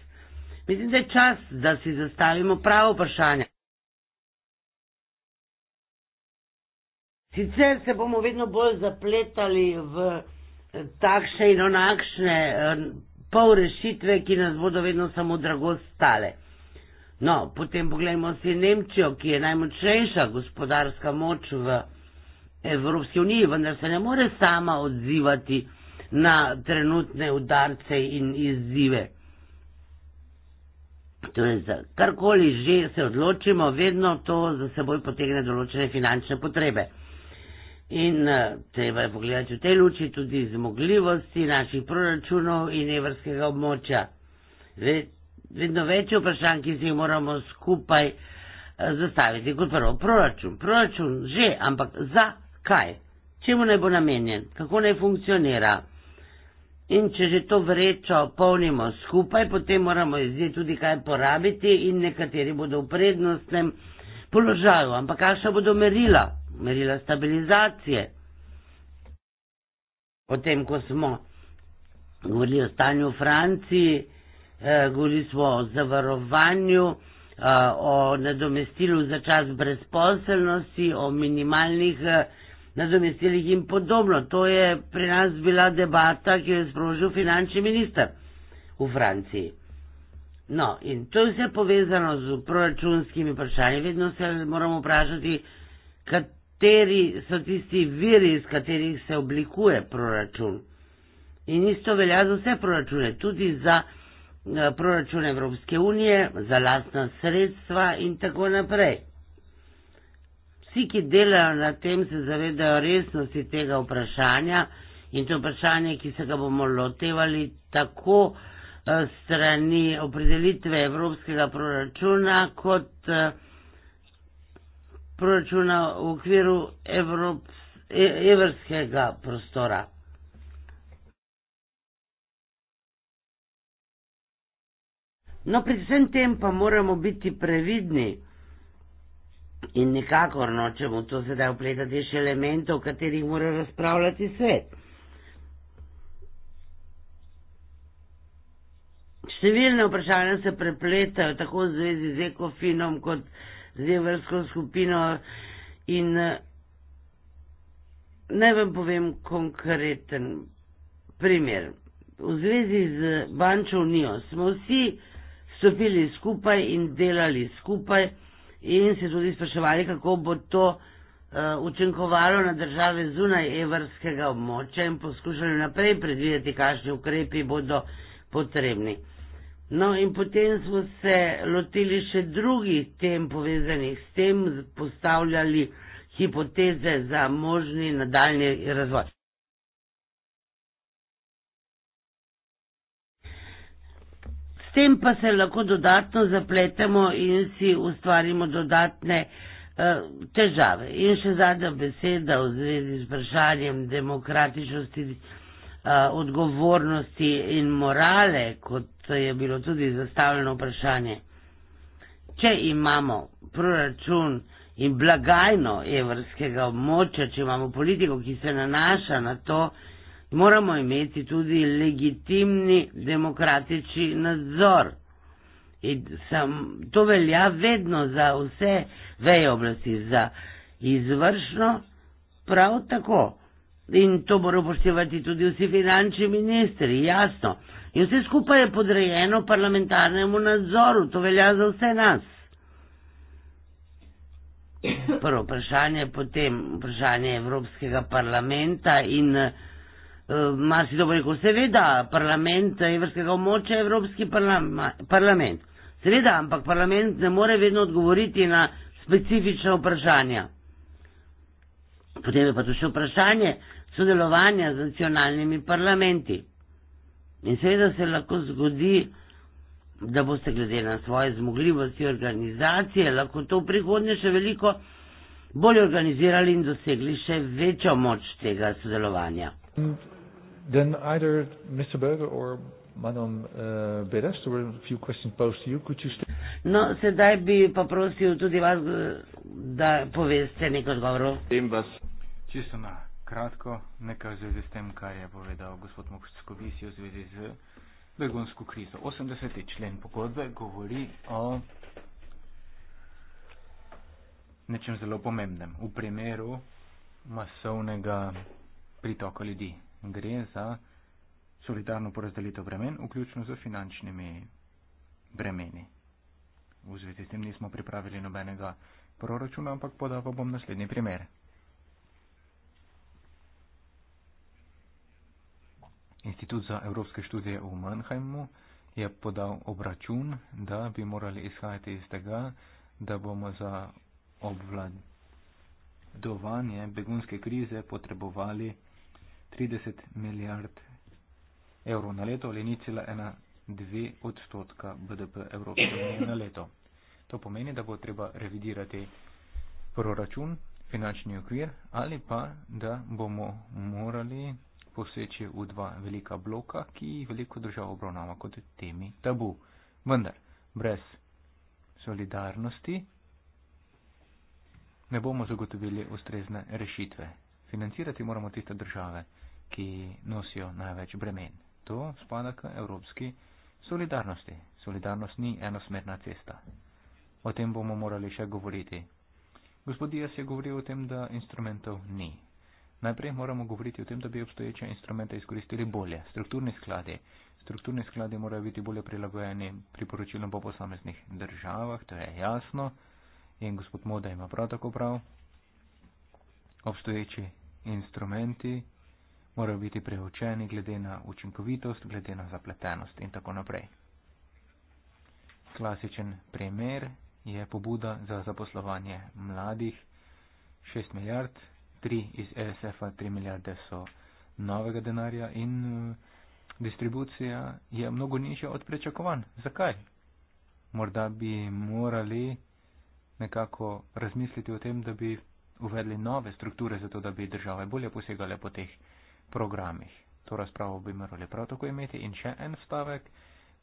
Mislim, da je čas, da si zastavimo pravo vprašanje. Sicer se bomo vedno bolj zapletali v eh, takšne in onakšne eh, pol rešitve, ki nas bodo vedno samo drago stale. No, potem pogledajmo si Nemčijo, ki je najmočnejša gospodarska moč v Evropi. Evropske unije, vendar se ne more sama odzivati na trenutne udarce in izzive. Torej, za karkoli že se odločimo, vedno to za seboj potegne določene finančne potrebe. In eh, treba je pogledati v tej luči tudi zmogljivosti naših proračunov in evrskega območja. Vedno večje vprašanje, ki si jih moramo skupaj eh, zastaviti kot prvo. Proračun. Proračun že, ampak za kaj, čemu naj bo namenjen, kako naj funkcionira. In če že to vrečo polnimo skupaj, potem moramo iz nje tudi kaj porabiti in nekateri bodo v prednostnem položaju. Ampak kakšna bodo merila? Merila stabilizacije. Potem, ko smo govorili o stanju v Franciji, eh, govorili smo o zavarovanju, eh, o nadomestilu za čas brezposelnosti, o minimalnih. Eh, nadomestili jim podobno. To je pri nas bila debata, ki jo je sprožil finančni minister v Franciji. No, in to je vse povezano z proračunskimi vprašanji. Vedno se moramo vprašati, kateri so tisti viri, iz katerih se oblikuje proračun. In isto velja za vse proračune, tudi za eh, proračune Evropske unije, za lastna sredstva in tako naprej. Vsi, ki delajo na tem, se zavedajo resnosti tega vprašanja in to vprašanje, ki se ga bomo lotevali tako eh, strani opredelitve evropskega proračuna, kot eh, proračuna v okviru evropskega e-, prostora. No, predvsem tem pa moramo biti previdni. In nikakor nočemo to sedaj upletati še elemente, o katerih mora razpravljati svet. Številne vprašanja se prepletajo tako v zvezi z ekofinom kot z evrsko skupino in eh, naj vam povem konkreten primer. V zvezi z Bančo unijo smo vsi stopili skupaj in delali skupaj in se tudi spraševali, kako bo to uh, učinkovalo na države zunaj evrskega območja in poskušali naprej predvideti, kakšni ukrepi bodo potrebni. No in potem smo se lotili še drugih tem povezanih s tem, postavljali hipoteze za možni nadaljni razvoj. tem pa se lahko dodatno zapletemo in si ustvarimo dodatne uh, težave. In še zadnja beseda v zvezi z vprašanjem demokratičnosti, uh, odgovornosti in morale, kot je bilo tudi zastavljeno vprašanje. Če imamo proračun in blagajno evrskega območja, če imamo politiko, ki se nanaša na to, moramo imeti tudi legitimni demokratični nadzor. In sam, to velja vedno za vse veje oblasti, za izvršno prav tako. In to morajo poštevati tudi vsi finančni ministri, jasno. In vse skupaj je podrejeno parlamentarnemu nadzoru, to velja za vse nas. Prvo vprašanje, potem vprašanje Evropskega parlamenta in Eh, marsi dobro rekel, seveda, parlament evropskega območja, evropski parlama, parlament. Seveda, ampak parlament ne more vedno odgovoriti na specifična vprašanja. Potem je pa tu še vprašanje sodelovanja z nacionalnimi parlamenti. In seveda se lahko zgodi, da boste glede na svoje zmogljivosti organizacije lahko to v prihodnje še veliko bolje organizirali in dosegli še večjo moč tega sodelovanja. Then either Mr. Berger or madam uh, Beres, there were a few questions posed to you. Could you stay? No, sedaj bi pa prosil tudi vas, uh, da poveste nekaj odgovorov. Vem vas. Čisto na kratko, nekaj v zvezi s tem, kar je povedal gospod Mokšskovisi v zvezi z begonsko krizo. 80. člen pogodbe govori o nečem zelo pomembnem. V primeru masovnega pritoka ljudi. Gre za solidarno porazdelitev bremen, vključno z finančnimi bremeni. V zvezi s tem nismo pripravili nobenega proračuna, ampak podal bom naslednji primer. Institut za evropske študije v Mannheimu je podal obračun, da bi morali izhajati iz tega, da bomo za obvladovanje begunske krize potrebovali 30 milijard evrov na leto ali ničela ena dve odstotka BDP Evropske unije na leto. To pomeni, da bo treba revidirati proračun, finančni okvir ali pa, da bomo morali poseči v dva velika bloka, ki jih veliko držav obravnava kot temi tabu. Vendar, brez solidarnosti ne bomo zagotovili ustrezne rešitve. Financirati moramo tiste države, ki nosijo največ bremen. To spada k evropski solidarnosti. Solidarnost ni enosmerna cesta. O tem bomo morali še govoriti. Gospod Dias je govoril o tem, da instrumentov ni. Najprej moramo govoriti o tem, da bi obstoječe instrumente izkoristili bolje. Strukturni skladi. Strukturni skladi morajo biti bolje prilagojeni priporočilom po posameznih državah, to je jasno. In gospod Moda ima prav tako prav. Obstoječi instrumenti morajo biti preučeni glede na učinkovitost, glede na zapletenost in tako naprej. Klasičen primer je pobuda za zaposlovanje mladih 6 milijard, 3 iz ESF-a, 3 milijarde so novega denarja in eh, distribucija je mnogo nižja od prečakovanj. Zakaj? Morda bi morali nekako razmisliti o tem, da bi uvedli nove strukture, zato da bi države bolje posegale po teh programih. To razpravo bi morali prav tako imeti in še en stavek,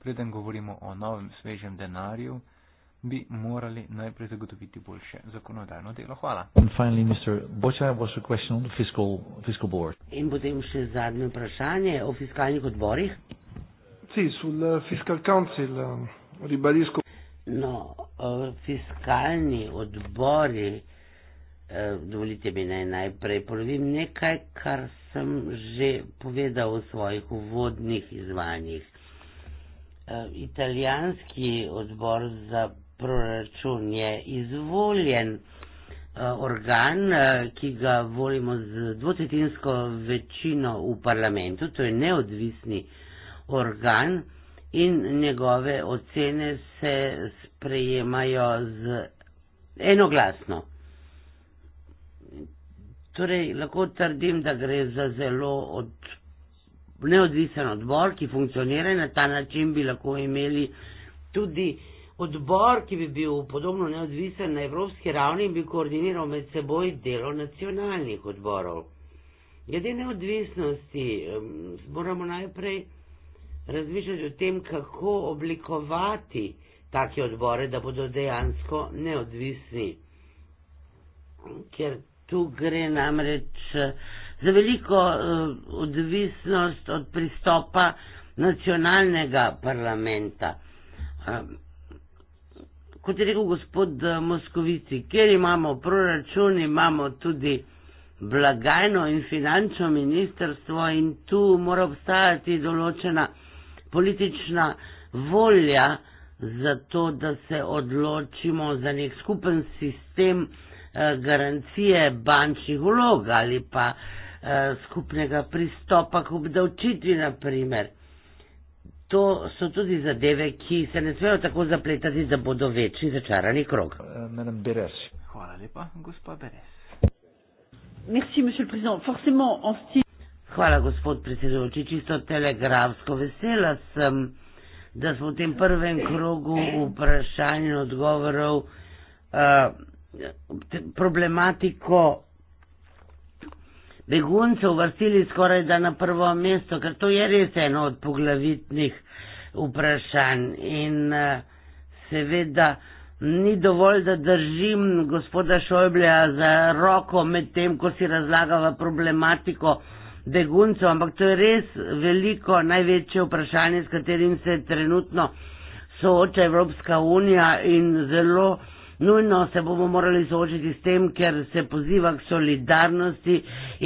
preden govorimo o novem svežem denarju, bi morali najprej zagotoviti boljše zakonodajno delo. Hvala. Finally, Mr. Boča, fiscal, fiscal in potem še zadnje vprašanje o fiskalnih odborih. Si, sul eh, fiscal council, eh, ribarijsko. No, eh, fiskalni odbori, dovolite mi naj najprej, porovim nekaj, kar se sem že povedal v svojih uvodnih izvanjih. E, italijanski odbor za proračun je izvoljen e, organ, e, ki ga volimo z dvotretinsko večino v parlamentu, to je neodvisni organ in njegove ocene se sprejemajo z enoglasno. Torej, lahko trdim, da gre za zelo od, neodvisen odbor, ki funkcionira in na ta način bi lahko imeli tudi odbor, ki bi bil podobno neodvisen na evropski ravni in bi koordiniral med seboj delo nacionalnih odborov. Glede neodvisnosti moramo najprej razmišljati o tem, kako oblikovati take odbore, da bodo dejansko neodvisni. Ker tu gre namreč eh, za veliko eh, odvisnost od pristopa nacionalnega parlamenta. Eh, kot je rekel gospod Moskovici, kjer imamo proračun, imamo tudi blagajno in finančno ministrstvo in tu mora obstajati določena politična volja za to, da se odločimo za nek skupen sistem, Eh, garancije bančnih vlog ali pa eh, skupnega pristopa k obdavčitvi, naprimer. To so tudi zadeve, ki se ne smejo tako zapletati, da bodo večji začarani krog. Eh, Hvala lepa, gospod Beres. Merci, sti... Hvala, gospod predsedujoči. Čisto telegrafsko vesela sem, da smo v tem prvem krogu vprašanj in odgovorov uh, problematiko beguncev vrstili skoraj da na prvo mesto, ker to je res eno od poglavitnih vprašanj. In eh, seveda ni dovolj, da držim gospoda Šojbleja za roko med tem, ko si razlagava problematiko beguncev, ampak to je res veliko, največje vprašanje, s katerim se trenutno sooča Evropska unija in zelo Nujno se bomo morali soočiti s tem, ker se poziva k solidarnosti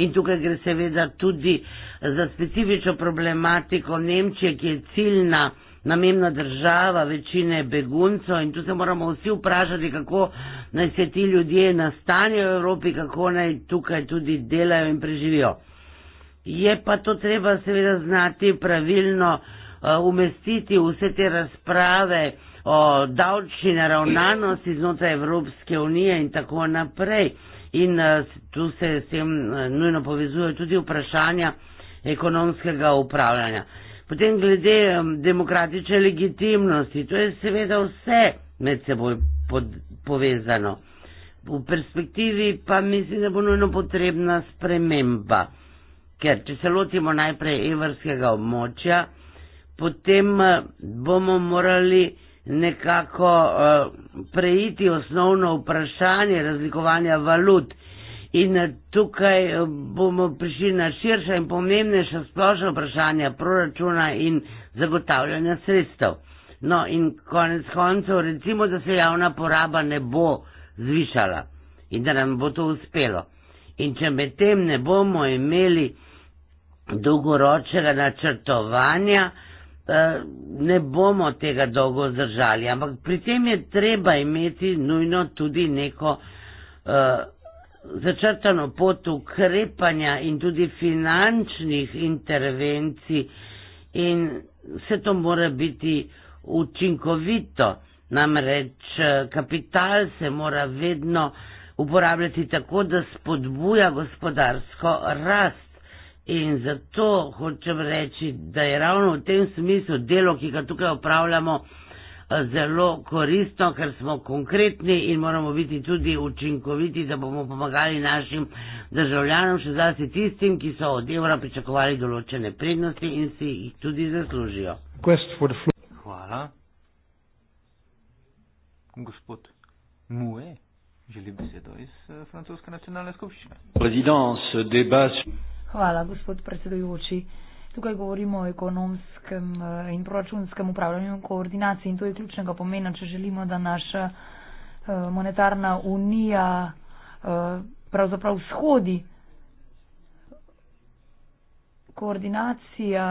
in tukaj gre seveda tudi za specifično problematiko Nemčije, ki je ciljna namemna država večine beguncov in tu se moramo vsi vprašati, kako naj se ti ljudje nastanijo v Evropi, kako naj tukaj tudi delajo in preživijo. Je pa to treba seveda znati pravilno uh, umestiti vse te razprave, uh, o davčni naravnanosti znotraj Evropske unije in tako naprej. In eh, tu se s tem eh, nujno povezuje tudi vprašanja ekonomskega upravljanja. Potem glede demokratične legitimnosti, to je seveda vse med seboj pod, povezano. V perspektivi pa mislim, da bo nujno potrebna sprememba, ker če se lotimo najprej evrskega območja, potem eh, bomo morali nekako eh, preiti osnovno vprašanje razlikovanja valut. In eh, tukaj eh, bomo prišli na širša in pomembnejša splošna vprašanja proračuna in zagotavljanja sredstev. No in konec koncev recimo, da se javna poraba ne bo zvišala in da nam bo to uspelo. In če med tem ne bomo imeli dolgoročnega načrtovanja, ne bomo tega dolgo zdržali, ampak pri tem je treba imeti nujno tudi neko eh, začrtano pot ukrepanja in tudi finančnih intervencij in vse to mora biti učinkovito. Namreč eh, kapital se mora vedno uporabljati tako, da spodbuja gospodarsko rast. In zato hočem reči, da je ravno v tem smislu delo, ki ga tukaj upravljamo, zelo koristno, ker smo konkretni in moramo biti tudi učinkoviti, da bomo pomagali našim državljanom, še zlasti tistim, ki so od evra pričakovali določene prednosti in si jih tudi zaslužijo. Hvala. Gospod Mue, želi besedo iz eh, Francoske nacionalne skupščine. Hvala, gospod predsedujoči. Tukaj govorimo o ekonomskem eh, in proračunskem upravljanju in koordinaciji in to je ključnega pomena, če želimo, da naša eh, monetarna unija eh, pravzaprav vzhodi. Koordinacija,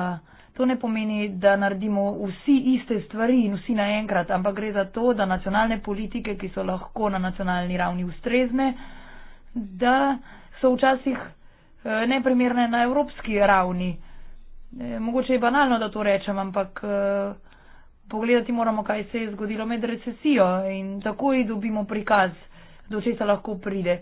to ne pomeni, da naredimo vsi iste stvari in vsi naenkrat, ampak gre za to, da nacionalne politike, ki so lahko na nacionalni ravni ustrezne, da so včasih Eh, neprimerne na evropski ravni. Eh, mogoče je banalno, da to rečem, ampak eh, pogledati moramo, kaj se je zgodilo med recesijo in takoj dobimo prikaz, do česa lahko pride.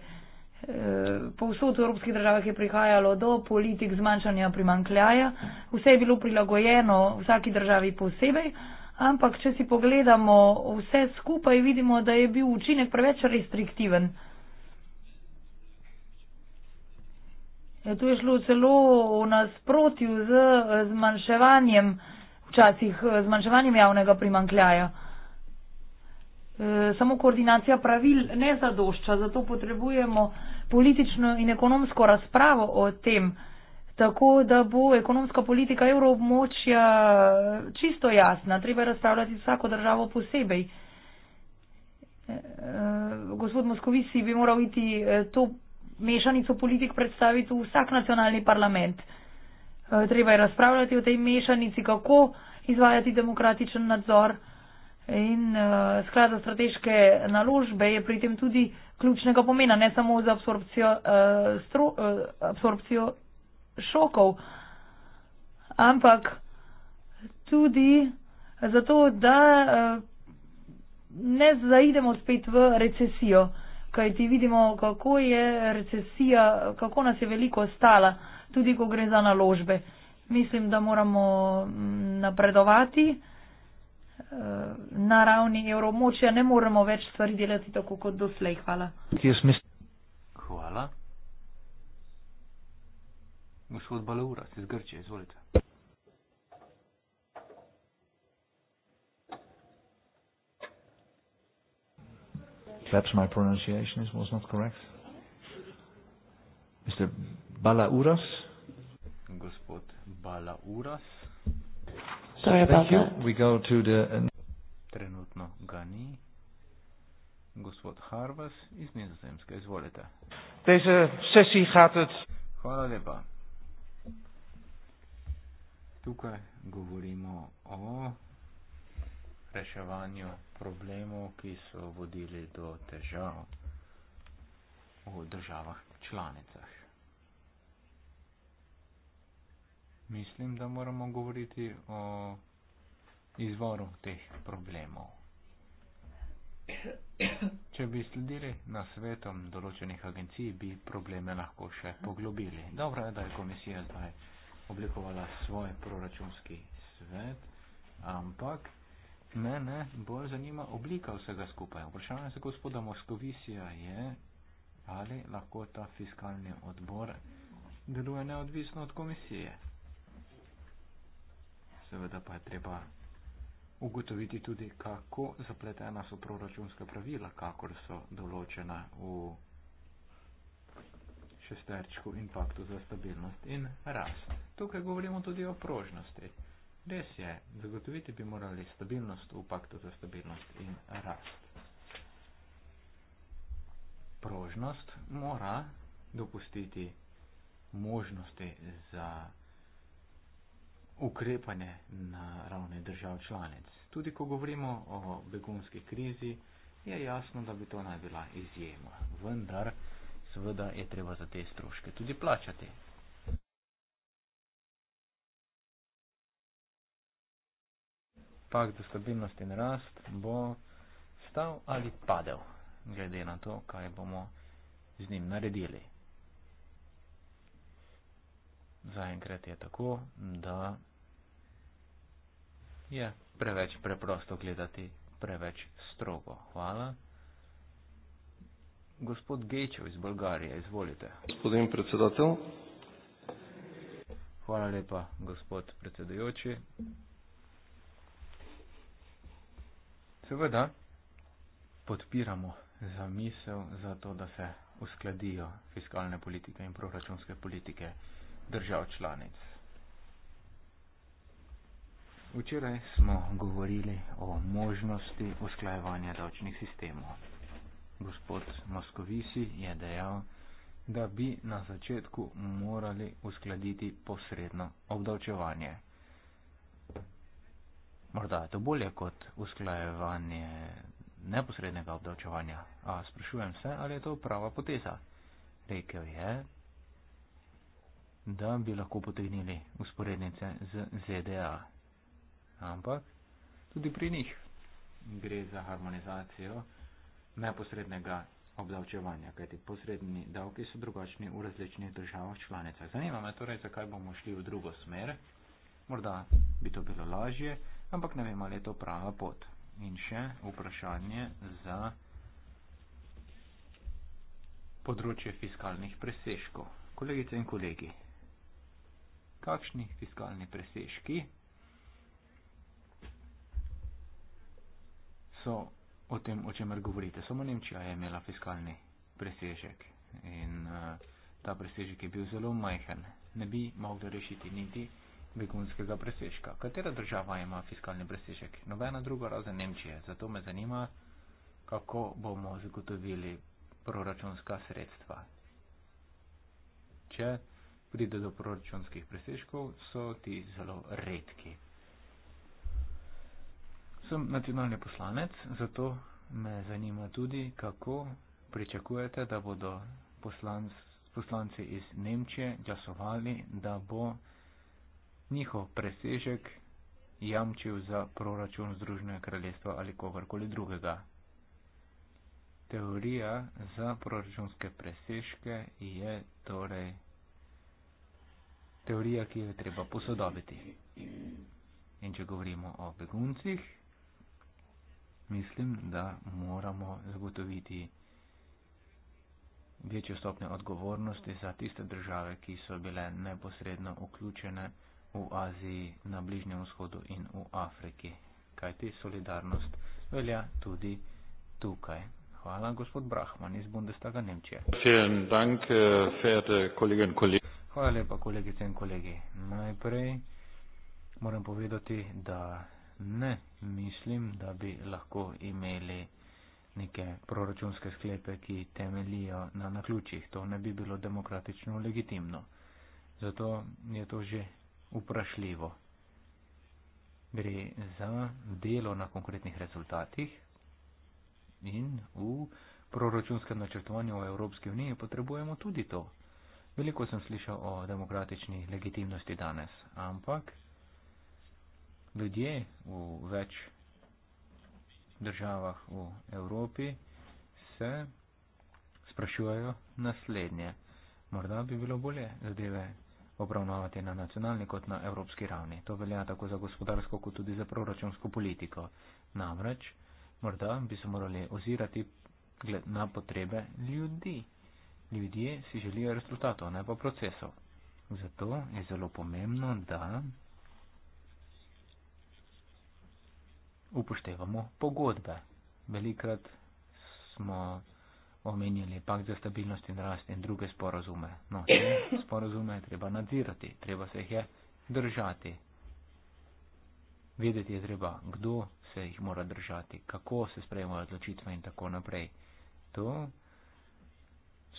Povsod v evropskih državah je prihajalo do politik zmanjšanja primankljaja, vse je bilo prilagojeno vsaki državi posebej, ampak če si pogledamo vse skupaj, vidimo, da je bil učinek preveč restriktiven. Ja, tu je šlo celo v nasprotju z eh, zmanjševanjem, včasih eh, zmanjševanjem javnega primankljaja. Eh, samo koordinacija pravil ne zadošča, zato potrebujemo politično in ekonomsko razpravo o tem, tako da bo ekonomska politika evroobmočja čisto jasna. Treba je razpravljati vsako državo posebej. Gospod Moskovici bi moral iti to mešanico politik predstaviti v vsak nacionalni parlament. E, treba je razpravljati o tej mešanici, kako izvajati demokratičen nadzor in e, sklad za strateške naložbe je pri tem tudi ključnega pomena, ne samo za absorpcijo, e, stru, absorpcijo šokov, ampak tudi zato, da ne zaidemo spet v recesijo kaj ti vidimo, kako je recesija, kako nas je veliko stala, tudi ko gre za naložbe. Mislim, da moramo mm, napredovati eh, na ravni evromočja, ne moremo več stvari delati tako kot doslej. Hvala. Hvala. Gospod Balaura, iz Grčije, izvolite. perhaps my pronunciation was not correct. Mr. Balauras. Gospod Balauras. Sorry about that. We go to the. Uh, Trenutno gani. Gospod Harvas iz Nizozemske, izvolite. Deze sessie gaat het. Hvala lepa. Tukaj govorimo o reševanju problemov, ki so vodili do težav v državah članicah. Mislim, da moramo govoriti o izvoru teh problemov. Če bi sledili na svetom določenih agencij, bi probleme lahko še poglobili. Dobro je, da je komisija zdaj oblikovala svoj proračunski svet, ampak Ne, ne, bolj zanima oblika vsega skupaj. Vprašanje za gospoda Moskovisija je, ali lahko ta fiskalni odbor deluje neodvisno od komisije. Seveda pa je treba ugotoviti tudi, kako zapletena so proračunska pravila, kakor so določena v šesterčku in paktu za stabilnost in rast. Tukaj govorimo tudi o prožnosti. Res je, zagotoviti bi morali stabilnost v paktu za stabilnost in rast. Prožnost mora dopustiti možnosti za ukrepanje na ravni držav članic. Tudi ko govorimo o begunski krizi, je jasno, da bi to naj bila izjema. Vendar, seveda je treba za te stroške tudi plačati. pakt za stabilnost in rast bo stal ali padel, glede na to, kaj bomo z njim naredili. Zaenkrat je tako, da je preveč preprosto gledati, preveč strogo. Hvala. Gospod Gečev iz Bolgarije, izvolite. Gospodin predsedatelj. Hvala lepa, gospod predsedujoči. seveda podpiramo zamisel za to, da se uskladijo fiskalne politike in proračunske politike držav članic. Včeraj smo govorili o možnosti usklajevanja davčnih sistemov. Gospod Moskovisi je dejal, da bi na začetku morali uskladiti posredno obdavčevanje. Morda je to bolje kot usklajevanje neposrednega obdavčevanja, a sprašujem se, ali je to prava poteza. Rekel je, da bi lahko potegnili usporednice z ZDA. Ampak tudi pri njih gre za harmonizacijo neposrednega obdavčevanja, kajti posredni davki so drugačni v različnih državah članicah. Zanima me torej, zakaj bomo šli v drugo smer. Morda bi to bilo lažje ampak ne vem, ali je to prava pot. In še vprašanje za področje fiskalnih presežkov. Kolegice in kolegi, kakšni fiskalni presežki so o tem, o čemer govorite? Samo Nemčija je imela fiskalni presežek in uh, ta presežek je bil zelo majhen. Ne bi mogli rešiti niti begunskega presežka. Katera država ima fiskalni presežek? Nobena druga razen Nemčije. Zato me zanima, kako bomo zagotovili proračunska sredstva. Če pride do proračunskih presežkov, so ti zelo redki. Sem nacionalni poslanec, zato me zanima tudi, kako pričakujete, da bodo poslanc, poslanci iz Nemčije glasovali, da bo njihov presežek jamčil za proračun Združenega kraljestva ali kogarkoli drugega. Teorija za proračunske presežke je torej teorija, ki jo je treba posodobiti. In če govorimo o beguncih, mislim, da moramo zagotoviti večjo stopnjo odgovornosti za tiste države, ki so bile neposredno vključene v v Aziji, na Bližnjem vzhodu in v Afriki. Kajti solidarnost velja tudi tukaj. Hvala, gospod Brahman iz Bundestaga Nemčije. Eh, Hvala lepa, kolegice in kolegi. Najprej moram povedati, da ne mislim, da bi lahko imeli neke proračunske sklepe, ki temelijo na naključjih. To ne bi bilo demokratično legitimno. Zato je to že vprašljivo. Gre za delo na konkretnih rezultatih in v proračunskem načrtovanju v Evropski uniji potrebujemo tudi to. Veliko sem slišal o demokratični legitimnosti danes, ampak ljudje v več državah v Evropi se sprašujejo naslednje. Morda bi bilo bolje zadeve obravnavati na nacionalni kot na evropski ravni. To velja tako za gospodarsko kot tudi za proračunsko politiko. Namreč, morda bi se morali ozirati na potrebe ljudi. Ljudje si želijo rezultatov, ne pa procesov. Zato je zelo pomembno, da upoštevamo pogodbe. Velikrat smo omenjali pakt za stabilnost in rast in druge sporozume. No, te sporozume je treba nadzirati, treba se jih je držati. Vedeti je treba, kdo se jih mora držati, kako se sprejemajo odločitve in tako naprej. To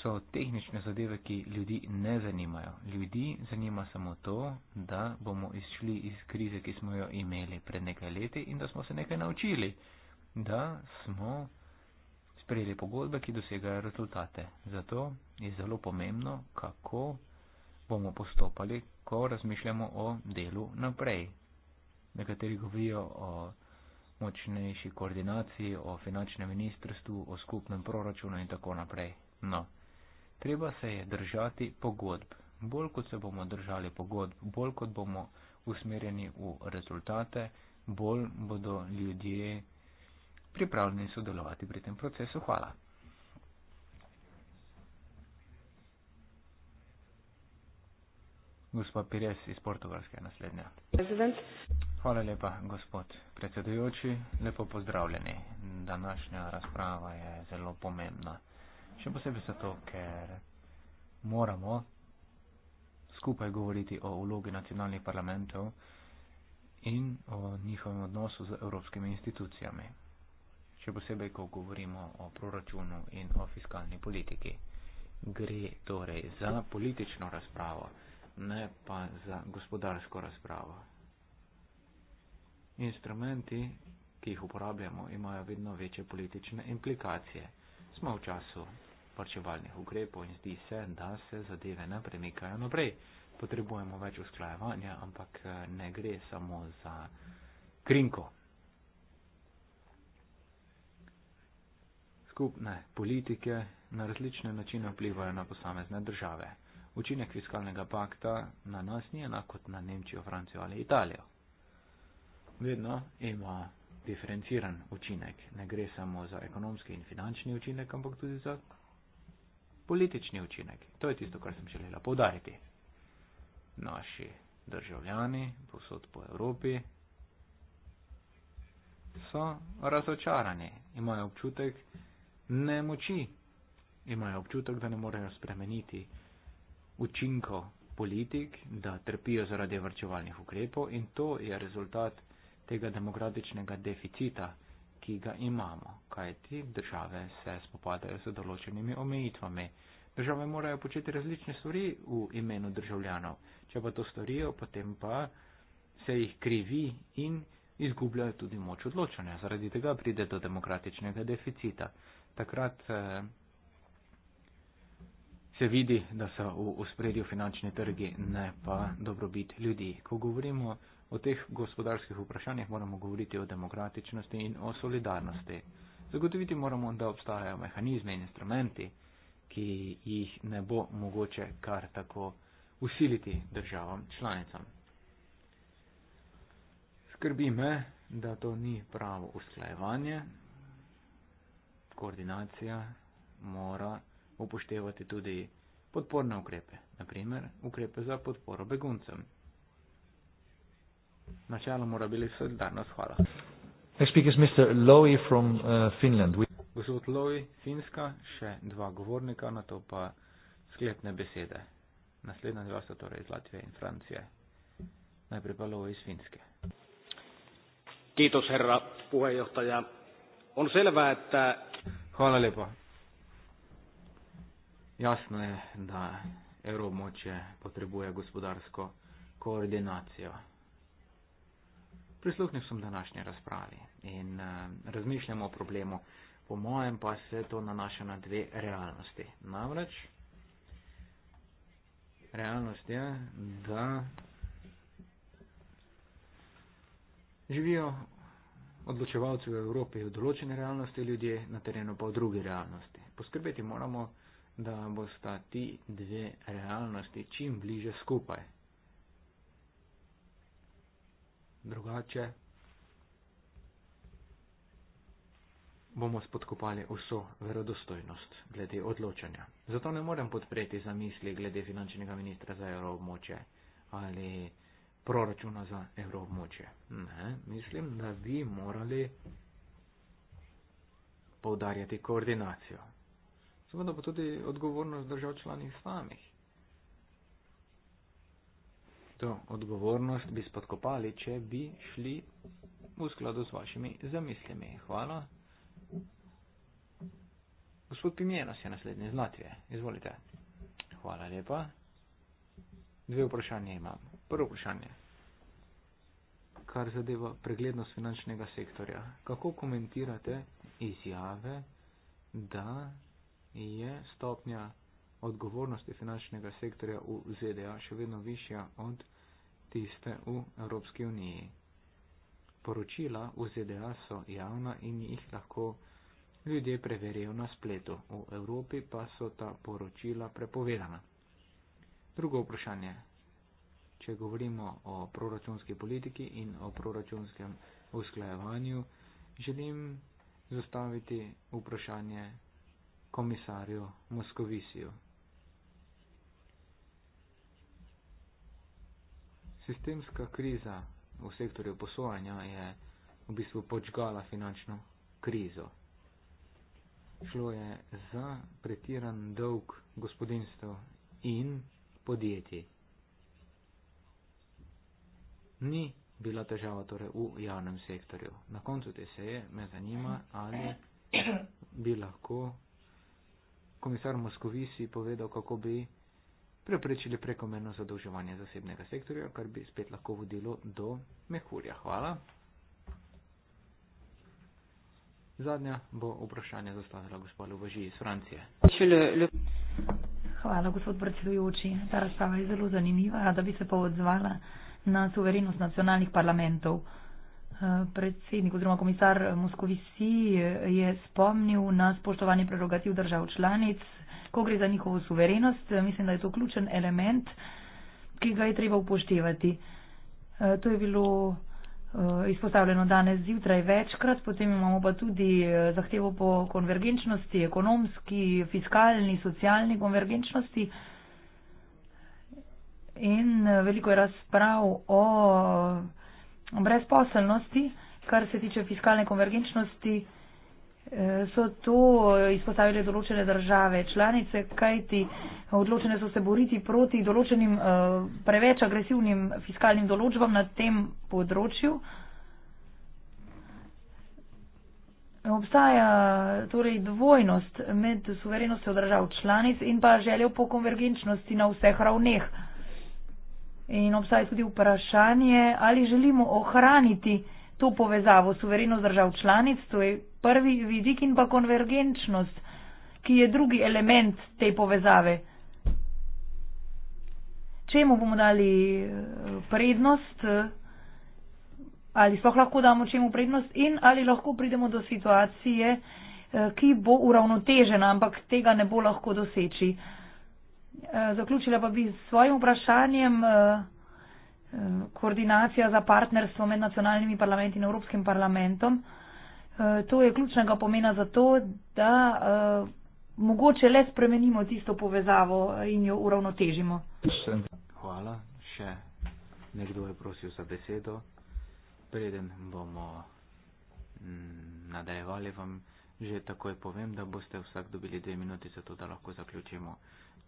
so tehnične zadeve, ki ljudi ne zanimajo. Ljudi zanima samo to, da bomo izšli iz krize, ki smo jo imeli pred nekaj leti in da smo se nekaj naučili. Da smo sprejeli pogodbe, ki dosegajo rezultate. Zato je zelo pomembno, kako bomo postopali, ko razmišljamo o delu naprej. Nekateri govorijo o močnejši koordinaciji, o finančnem ministrstvu, o skupnem proračunu in tako naprej. No, treba se je držati pogodb. Bolj kot se bomo držali pogodb, bolj kot bomo usmerjeni v rezultate, bolj bodo ljudje pripravljeni sodelovati pri tem procesu. Hvala. Gospod Pires iz Portugalske je naslednja. President. Hvala lepa, gospod predsedujoči. Lepo pozdravljeni. Današnja razprava je zelo pomembna. Še posebej zato, ker moramo skupaj govoriti o vlogi nacionalnih parlamentov in o njihovem odnosu z evropskimi institucijami še posebej, ko govorimo o proračunu in o fiskalni politiki. Gre torej za politično razpravo, ne pa za gospodarsko razpravo. Instrumenti, ki jih uporabljamo, imajo vedno večje politične implikacije. Smo v času parčevalnih ukrepov in zdi se, da se zadeve ne premikajo naprej. Potrebujemo več usklajevanja, ampak eh, ne gre samo za krinko, skupne politike na različne načine vplivajo na posamezne države. Učinek fiskalnega pakta na nas ni enak kot na Nemčijo, Francijo ali Italijo. Vedno ima diferenciran učinek. Ne gre samo za ekonomski in finančni učinek, ampak tudi za politični učinek. To je tisto, kar sem želela povdariti. Naši državljani posod po Evropi so razočarani, imajo občutek, nemoči. Imajo občutek, da ne morejo spremeniti učinko politik, da trpijo zaradi vrčevalnih ukrepov in to je rezultat tega demokratičnega deficita, ki ga imamo, kajti države se spopadajo z določenimi omejitvami. Države morajo početi različne stvari v imenu državljanov. Če pa to storijo, potem pa se jih krivi in izgubljajo tudi moč odločanja. Zaradi tega pride do demokratičnega deficita takrat eh, se vidi, da so v ospredju finančni trgi, ne pa dobrobit ljudi. Ko govorimo o teh gospodarskih vprašanjih, moramo govoriti o demokratičnosti in o solidarnosti. Zagotoviti moramo, da obstajajo mehanizme in instrumenti, ki jih ne bo mogoče kar tako usiliti državam članicam. Skrbi me, da to ni pravo usklajevanje, koordinacija mora upoštevati tudi podporne ukrepe, naprimer ukrepe za podporo beguncem. Načelo mora biti solidarnost. Hvala. Uh, Gospod Lowy, Finska, še dva govornika, na to pa sklepne besede. Naslednja dva sta torej iz Latvije in Francije. Najprej pa Lowy iz Finske. Kiitos, herra, puhejohtaja. On selvää, että Hvala lepa. Jasno je, da evromoče potrebuje gospodarsko koordinacijo. Prisluhnil sem današnji razpravi in uh, razmišljam o problemu. Po mojem pa se to nanaša na dve realnosti. Namreč, realnost je, da živijo odločevalci v Evropi v določene realnosti, ljudje na terenu pa v druge realnosti. Poskrbeti moramo, da bosta ti dve realnosti čim bliže skupaj. Drugače bomo spodkopali vso verodostojnost glede odločanja. Zato ne morem podpreti zamisli glede finančnega ministra za evroobmoče ali proračuna za evroobmočje. Ne, mislim, da bi morali poudarjati koordinacijo. Seveda pa tudi odgovornost držav članih samih. To odgovornost bi spodkopali, če bi šli v skladu z vašimi zamislimi. Hvala. Gospod Pimjenos je naslednji iz Latvije. Izvolite. Hvala lepa. Dve vprašanje imamo. Prvo vprašanje. Kar zadeva preglednost finančnega sektorja. Kako komentirate izjave, da je stopnja odgovornosti finančnega sektorja v ZDA še vedno višja od tiste v Evropski uniji? Poročila v ZDA so javna in jih lahko ljudje preverijo na spletu. V Evropi pa so ta poročila prepovedana. Drugo vprašanje če govorimo o proračunski politiki in o proračunskem usklajevanju, želim zastaviti vprašanje komisarju Moskovisiju. Sistemska kriza v sektorju posojanja je v bistvu počgala finančno krizo. Šlo je za pretiran dolg gospodinstv in podjetij ni bila težava torej v javnem sektorju. Na koncu te seje me zanima, ali bi lahko komisar Moskovisi povedal, kako bi preprečili prekomerno zadolževanje zasebnega sektorja, kar bi spet lahko vodilo do mehurja. Hvala. Zadnja bo vprašanje zastavila gospod Lovaži iz Francije. Hvala, gospod predsedujoči. Ta razprava je zelo zanimiva, da bi se pa odzvala na suverenost nacionalnih parlamentov. Eh, predsednik oziroma komisar Moskovisi eh, je spomnil na spoštovanje prerogativ držav članic, ko gre za njihovo suverenost. Eh, mislim, da je to ključen element, ki ga je treba upoštevati. To je bilo izpostavljeno danes zjutraj večkrat, potem imamo pa tudi zahtevo po konvergenčnosti, ekonomski, fiskalni, socialni konvergenčnosti in eh, veliko je razprav o brezposelnosti, kar se tiče fiskalne konvergenčnosti, eh, so to izpostavile določene države, članice, kajti odločene so se boriti proti določenim eh, preveč agresivnim fiskalnim določbam na tem področju. Obstaja torej dvojnost med suverenostjo držav članic in pa željo po konvergenčnosti na vseh ravneh. In obstaja tudi vprašanje, ali želimo ohraniti to povezavo suverenost držav članic, to je prvi vidik in pa konvergenčnost, ki je drugi element te povezave. Čemu bomo dali eh, prednost, ali sploh lahko damo čemu prednost in ali lahko pridemo do situacije, eh, ki bo uravnotežena, ampak tega ne bo lahko doseči. Eh, zaključila pa bi s svojim vprašanjem. Eh, eh, koordinacija za partnerstvo med nacionalnimi parlamenti in Evropskim parlamentom. To je ključnega pomena za to, da mogoče le spremenimo tisto povezavo in jo uravnotežimo. Hvala. Še nekdo je prosil za besedo. Preden bomo mm, nadaljevali, vam že takoj povem, da boste vsak dobili dve minuti za to, da lahko zaključimo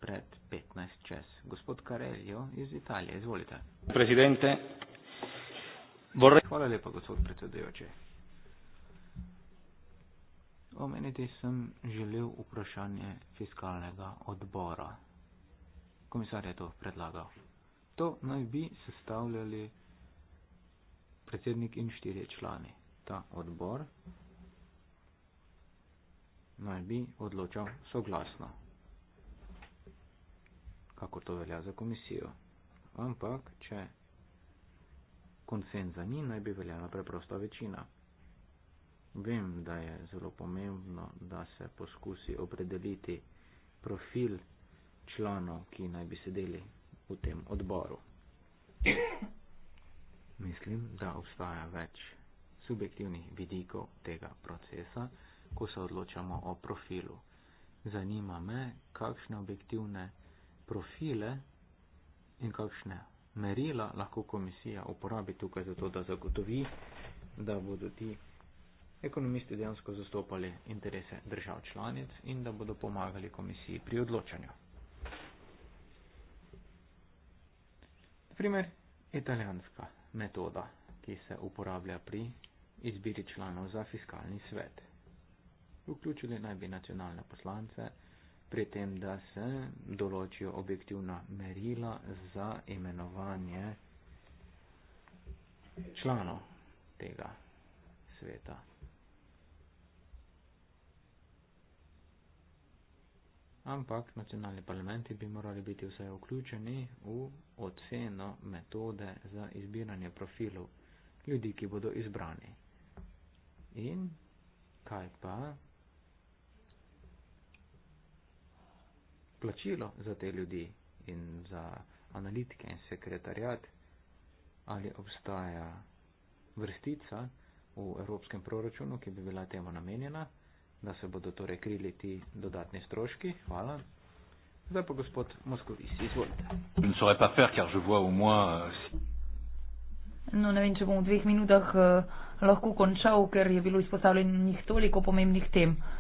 pred 15 čez. Gospod Karelijo iz Italije, izvolite. Presidente, vore... Hvala lepa, gospod predsedujoči. Omeniti sem želel vprašanje fiskalnega odbora. Komisar je to predlagal. To naj bi sestavljali predsednik in štirje člani. Ta odbor naj bi odločal soglasno kakor to velja za komisijo. Ampak, če konsenza ni, naj bi veljala preprosta večina. Vem, da je zelo pomembno, da se poskusi opredeliti profil članov, ki naj bi sedeli v tem odboru. Mislim, da obstaja več subjektivnih vidikov tega procesa, ko se odločamo o profilu. Zanima me, kakšne objektivne profile in kakšne merila lahko komisija uporabi tukaj za to, da zagotovi, da bodo ti ekonomisti dejansko zastopali interese držav članic in da bodo pomagali komisiji pri odločanju. Primer, italijanska metoda, ki se uporablja pri izbiri članov za fiskalni svet. Vključili naj bi nacionalne poslance, pri tem, da se določijo objektivna merila za imenovanje članov tega sveta. Ampak nacionalni parlamenti bi morali biti vsaj vključeni v oceno metode za izbiranje profilov ljudi, ki bodo izbrani. In kaj pa plačilo za te ljudi in za analitike in sekretarjat, ali obstaja vrstica v evropskem proračunu, ki bi bila temu namenjena, da se bodo torej krili ti dodatni stroški. Hvala. Zdaj pa gospod Moskovic, izvolite. Euh, no, ne vem, če bom v dveh minutah uh, lahko končal, ker je bilo izpostavljenih toliko pomembnih tem. Uh,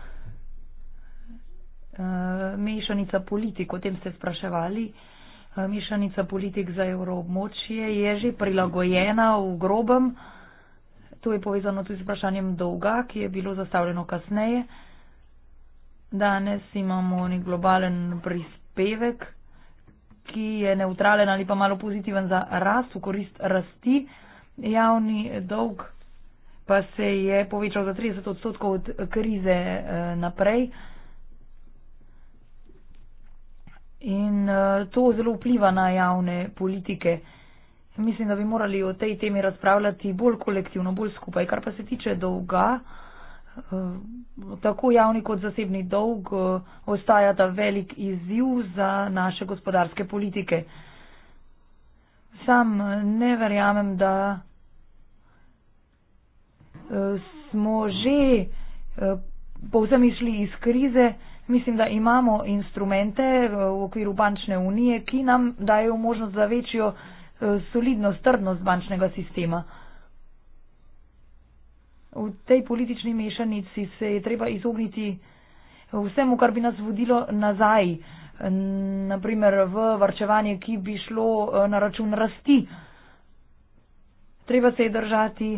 Eh, mešanica politik, o tem ste spraševali, eh, mešanica politik za evroobmočje je že prilagojena v grobem, to je povezano tudi z vprašanjem dolga, ki je bilo zastavljeno kasneje. Danes imamo nek globalen prispevek, ki je neutralen ali pa malo pozitiven za rast, v korist rasti. Javni dolg pa se je povečal za 30 odstotkov od krize eh, naprej. In uh, to zelo vpliva na javne politike. Mislim, da bi morali o tej temi razpravljati bolj kolektivno, bolj skupaj. Kar pa se tiče dolga, eh, tako javni kot zasebni dolg eh, ostaja ta velik izziv za naše gospodarske politike. Sam ne verjamem, da smo že povsem išli iz krize mislim, da imamo instrumente eh, v okviru bančne unije, ki nam dajo možnost za večjo eh, solidnost, trdnost bančnega sistema. V tej politični mešanici se je treba izogniti vsemu, kar bi nas vodilo nazaj, naprimer v varčevanje, ki bi šlo eh, na račun rasti. Treba se je držati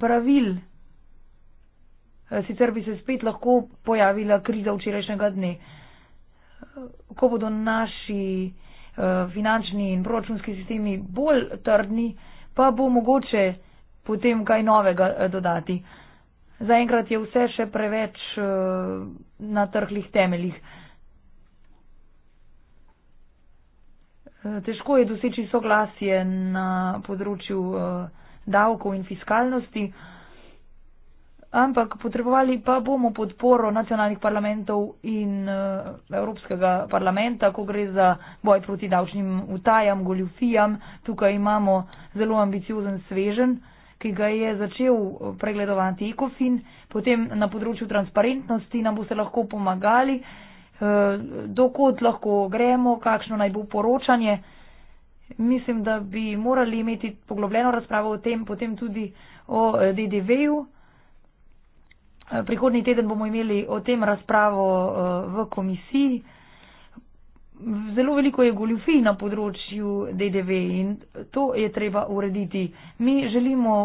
pravil. Eh, sicer bi se spet lahko pojavila kriza včerajšnjega dne. Eh, ko bodo naši eh, finančni in proračunski sistemi bolj trdni, pa bo mogoče potem kaj novega dodati. Zaenkrat je vse še preveč na trhlih temeljih. Težko je doseči soglasje na področju davkov in fiskalnosti ampak potrebovali pa bomo podporo nacionalnih parlamentov in uh, Evropskega parlamenta, ko gre za boj proti davčnim utajam, goljufijam. Tukaj imamo zelo ambiciozen svežen, ki ga je začel eh, pregledovati ECOFIN, potem na področju transparentnosti nam boste lahko pomagali, uh, eh, dokot lahko gremo, kakšno naj bo poročanje. Mislim, da bi morali imeti poglobljeno razpravo o tem, potem tudi o DDV-ju. Prihodni teden bomo imeli o tem razpravo eh, v komisiji. Zelo veliko je goljufij na področju DDV in to je treba urediti. Mi želimo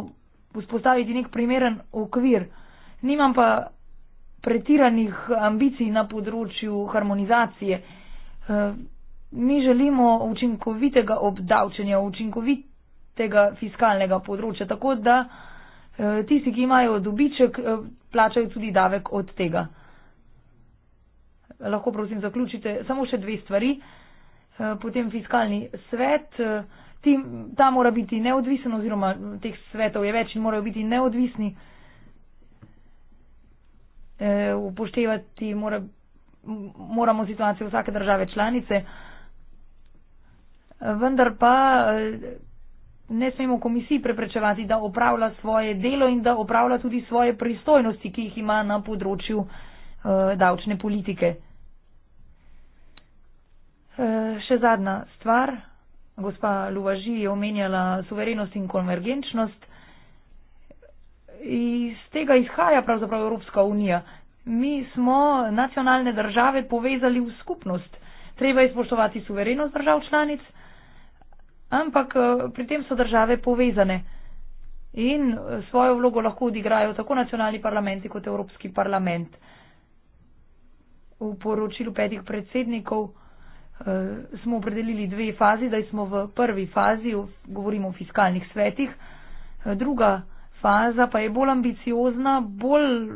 vzpostaviti nek primeren okvir. Nimam pa pretiranih ambicij na področju harmonizacije. Eh, mi želimo učinkovitega obdavčenja, učinkovitega fiskalnega področja, tako da eh, tisti, ki imajo dobiček, plačajo tudi davek od tega. Lahko prosim zaključite samo še dve stvari. Eh, potem fiskalni svet, eh, ta mora biti neodvisen oziroma teh svetov je več in morajo biti neodvisni. Eh, upoštevati mora, moramo situacijo vsake države članice. Vendar pa ne smemo komisiji preprečevati, da opravlja svoje delo in da opravlja tudi svoje pristojnosti, ki jih ima na področju e, davčne politike. E, še zadnja stvar. Gospa Luvaži je omenjala suverenost in konvergenčnost. Iz tega izhaja pravzaprav Evropska unija. Mi smo nacionalne države povezali v skupnost. Treba je spoštovati suverenost držav članic, ampak eh, pri tem so države povezane in eh, svojo vlogo lahko odigrajo tako nacionalni parlamenti kot Evropski parlament. V poročilu petih predsednikov eh, smo opredelili dve fazi, da smo v prvi fazi, govorimo o fiskalnih svetih, druga faza pa je bolj ambiciozna, bolj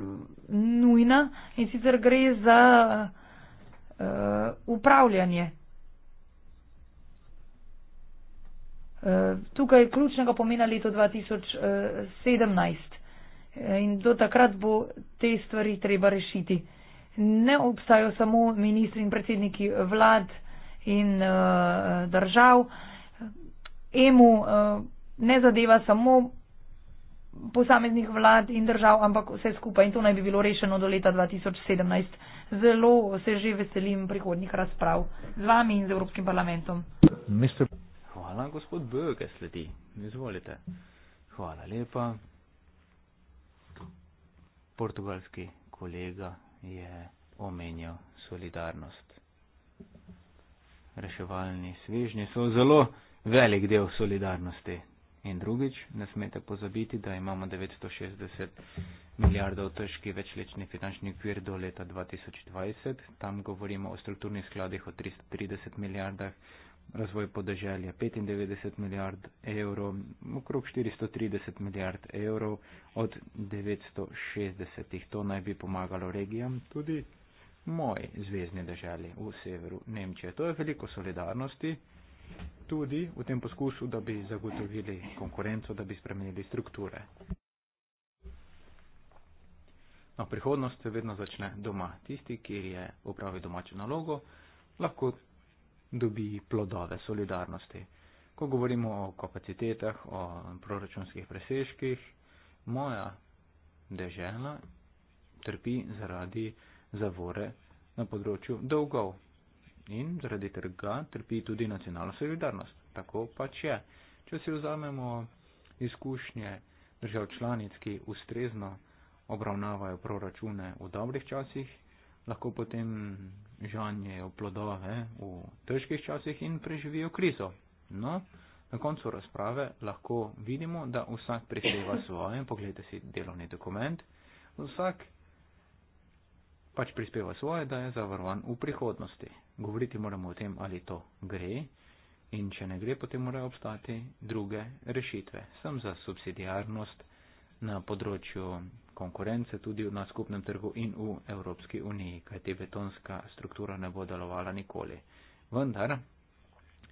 nujna in sicer gre za upravljanje. Uh, tukaj ključnega pomena leto 2017. Eh, in do takrat bo te stvari treba rešiti. Ne obstajajo samo ministri in predsedniki vlad in uh, držav. EMU uh, ne zadeva samo posameznih vlad in držav, ampak vse skupaj. In to naj bi bilo rešeno do leta 2017. Zelo se že veselim prihodnih razprav z vami in z Evropskim parlamentom. Mister. Hvala, gospod B, kaj sledi. Izvolite. Hvala lepa. Portugalski kolega je omenjal solidarnost. Reševalni svežni so zelo velik del solidarnosti. In drugič, ne smete pozabiti, da imamo 960 milijardov težki večlečni finančni okvir do leta 2020. Tam govorimo o strukturnih skladih o 330 milijardah, razvoj podeželja 95 milijard evrov, okrog 430 milijard evrov od 960. To naj bi pomagalo regijam, tudi moji zvezdni državi v severu Nemčije. To je veliko solidarnosti tudi v tem poskusu, da bi zagotovili konkurenco, da bi spremenili strukture. No, prihodnost se vedno začne doma. Tisti, ki je upravil domačo nalogo, lahko dobi plodove solidarnosti. Ko govorimo o kapacitetah, o proračunskih preseških, moja dežela trpi zaradi zavore na področju dolgov in zaradi trga trpi tudi nacionalna solidarnost. Tako pač je. Če si vzamemo izkušnje držav članic, ki ustrezno obravnavajo proračune v dobrih časih, lahko potem žanjejo plodove v težkih časih in preživijo krizo. No, na koncu razprave lahko vidimo, da vsak prihleva svoje, pogledajte si delovni dokument, vsak pač prispeva svoje, da je zavarovan v prihodnosti. Govoriti moramo o tem, ali to gre in če ne gre, potem morajo obstati druge rešitve. Sem za subsidijarnost na področju konkurence tudi na skupnem trgu in v Evropski uniji, kajti betonska struktura ne bo delovala nikoli. Vendar,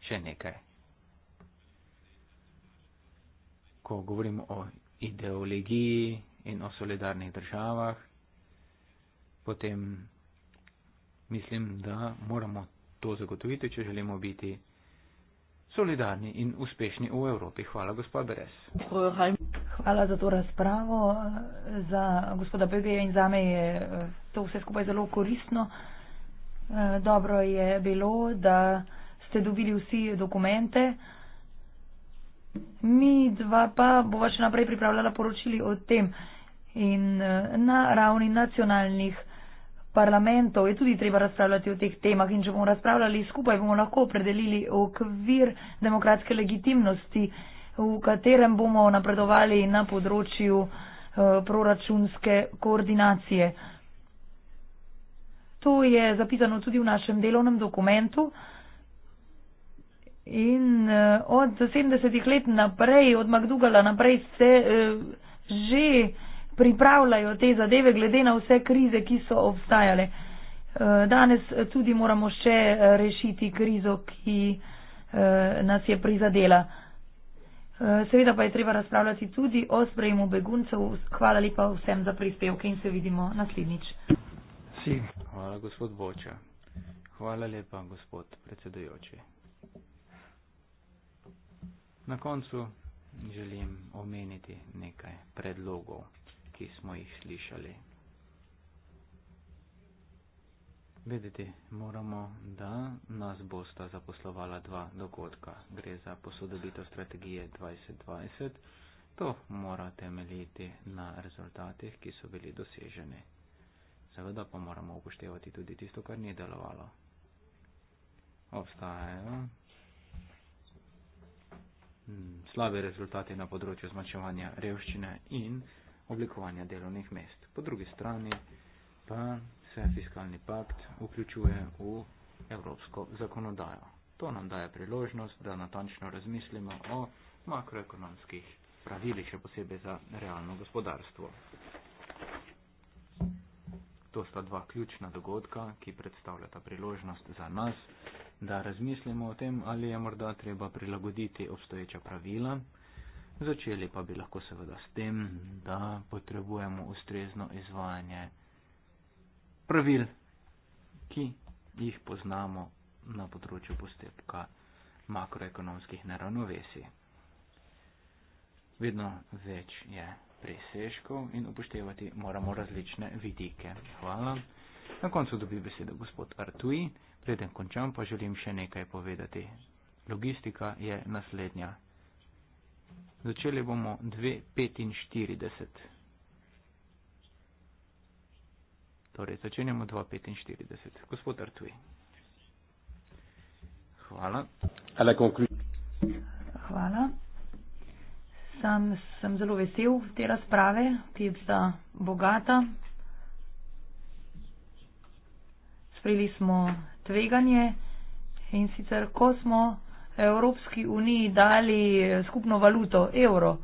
še nekaj. Ko govorimo o ideologiji in o solidarnih državah, potem mislim, da moramo to zagotoviti, če želimo biti solidarni in uspešni v Evropi. Hvala, gospod Beres. Hvala. Hvala za to razpravo, za gospoda Bebeja in za me je eh, to vse skupaj zelo koristno. Eh, dobro je bilo, da ste dobili vsi dokumente. Mi dva pa bova še naprej pripravljala poročili o tem. In eh, na ravni nacionalnih parlamentov je tudi treba razpravljati o teh temah. In če bomo razpravljali skupaj, bomo lahko opredelili okvir demokratske legitimnosti v katerem bomo napredovali na področju eh, proračunske koordinacije. To je zapisano tudi v našem delovnem dokumentu. In eh, od 70-ih let naprej, od Magdugala naprej, se eh, že pripravljajo te zadeve glede na vse krize, ki so obstajale. Danes tudi moramo še rešiti krizo, ki nas je prizadela. Seveda pa je treba razpravljati tudi o sprejemu beguncev. Hvala lepa vsem za prispevke in se vidimo naslednjič. Si. Hvala, gospod Boča. Hvala lepa, gospod predsedujoči. Na koncu želim omeniti nekaj predlogov, ki smo jih slišali Vedeti moramo, da nas bosta zaposlovala dva dogodka. Gre za posodobitev strategije 2020. To mora temeljiti na rezultatih, ki so bili doseženi. Seveda pa moramo upoštevati tudi tisto, kar ni delovalo. Obstajajo mm, slabi rezultati na področju zmanjševanja revščine in oblikovanja delovnih mest. Po drugi strani pa se fiskalni pakt vključuje v evropsko zakonodajo. To nam daje priložnost, da natančno razmislimo o makroekonomskih pravilih, še posebej za realno gospodarstvo. To sta dva ključna dogodka, ki predstavljata priložnost za nas, da razmislimo o tem, ali je morda treba prilagoditi obstoječa pravila. Začeli pa bi lahko seveda s tem, da potrebujemo ustrezno izvajanje pravil, ki jih poznamo na področju postopka makroekonomskih neravnovesij. Vedno več je preseškov in upoštevati moramo različne vidike. Hvala. Na koncu dobi besedo gospod Artui. Preden končam, pa želim še nekaj povedati. Logistika je naslednja. Začeli bomo 2.45. Torej, začenjamo 2.45. Gospod Artuj. Hvala. Hvala. Sam sem zelo vesel te razprave, ki je bila bogata. Sprejeli smo tveganje in sicer, ko smo Evropski uniji dali skupno valuto evro,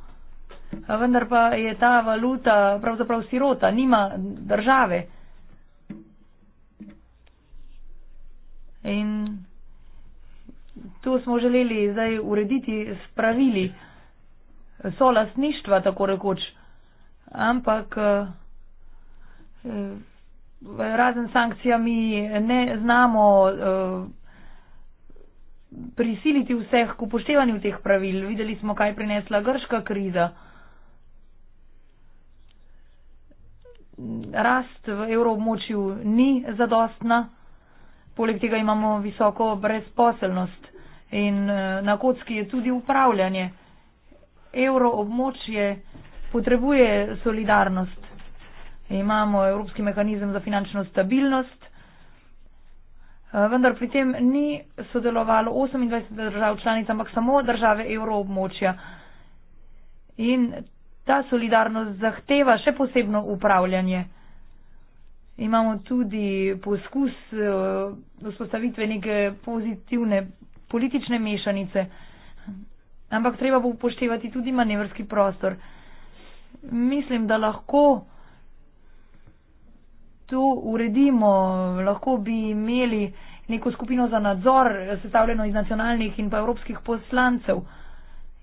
vendar pa je ta valuta pravzaprav sirota, nima države. In tu smo želeli zdaj urediti s pravili solastništva, tako rekoč. Ampak eh, razen sankcija mi ne znamo eh, prisiliti vseh k upoštevanju teh pravil. Videli smo, kaj prinesla grška kriza. Rast v evroobmočju ni zadostna. Poleg tega imamo visoko brezposelnost in eh, na kocki je tudi upravljanje. Evro območje potrebuje solidarnost. Imamo Evropski mehanizem za finančno stabilnost, eh, vendar pri tem ni sodelovalo 28 držav članic, ampak samo države evro območja. In ta solidarnost zahteva še posebno upravljanje imamo tudi poskus eh, vzpostavitve neke pozitivne politične mešanice, ampak treba bo upoštevati tudi manevrski prostor. Mislim, da lahko to uredimo, lahko bi imeli neko skupino za nadzor, sestavljeno iz nacionalnih in pa evropskih poslancev.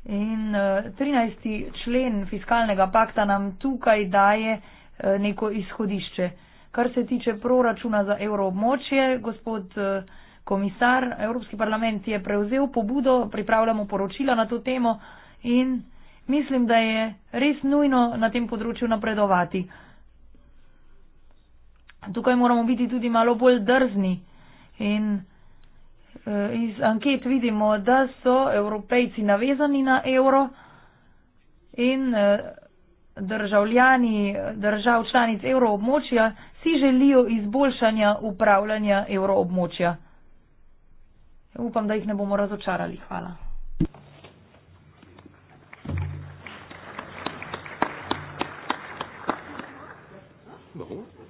In 13. Eh, člen fiskalnega pakta nam tukaj daje eh, neko izhodišče. Kar se tiče proračuna za evroobmočje, gospod eh, komisar, Evropski parlament je prevzel pobudo, pripravljamo poročila na to temo in mislim, da je res nujno na tem področju napredovati. Tukaj moramo biti tudi malo bolj drzni in eh, iz anket vidimo, da so evropejci navezani na evro in eh, državljani držav članic evroobmočja vsi želijo izboljšanja upravljanja evroobmočja. Upam, da jih ne bomo razočarali. Hvala. Bon.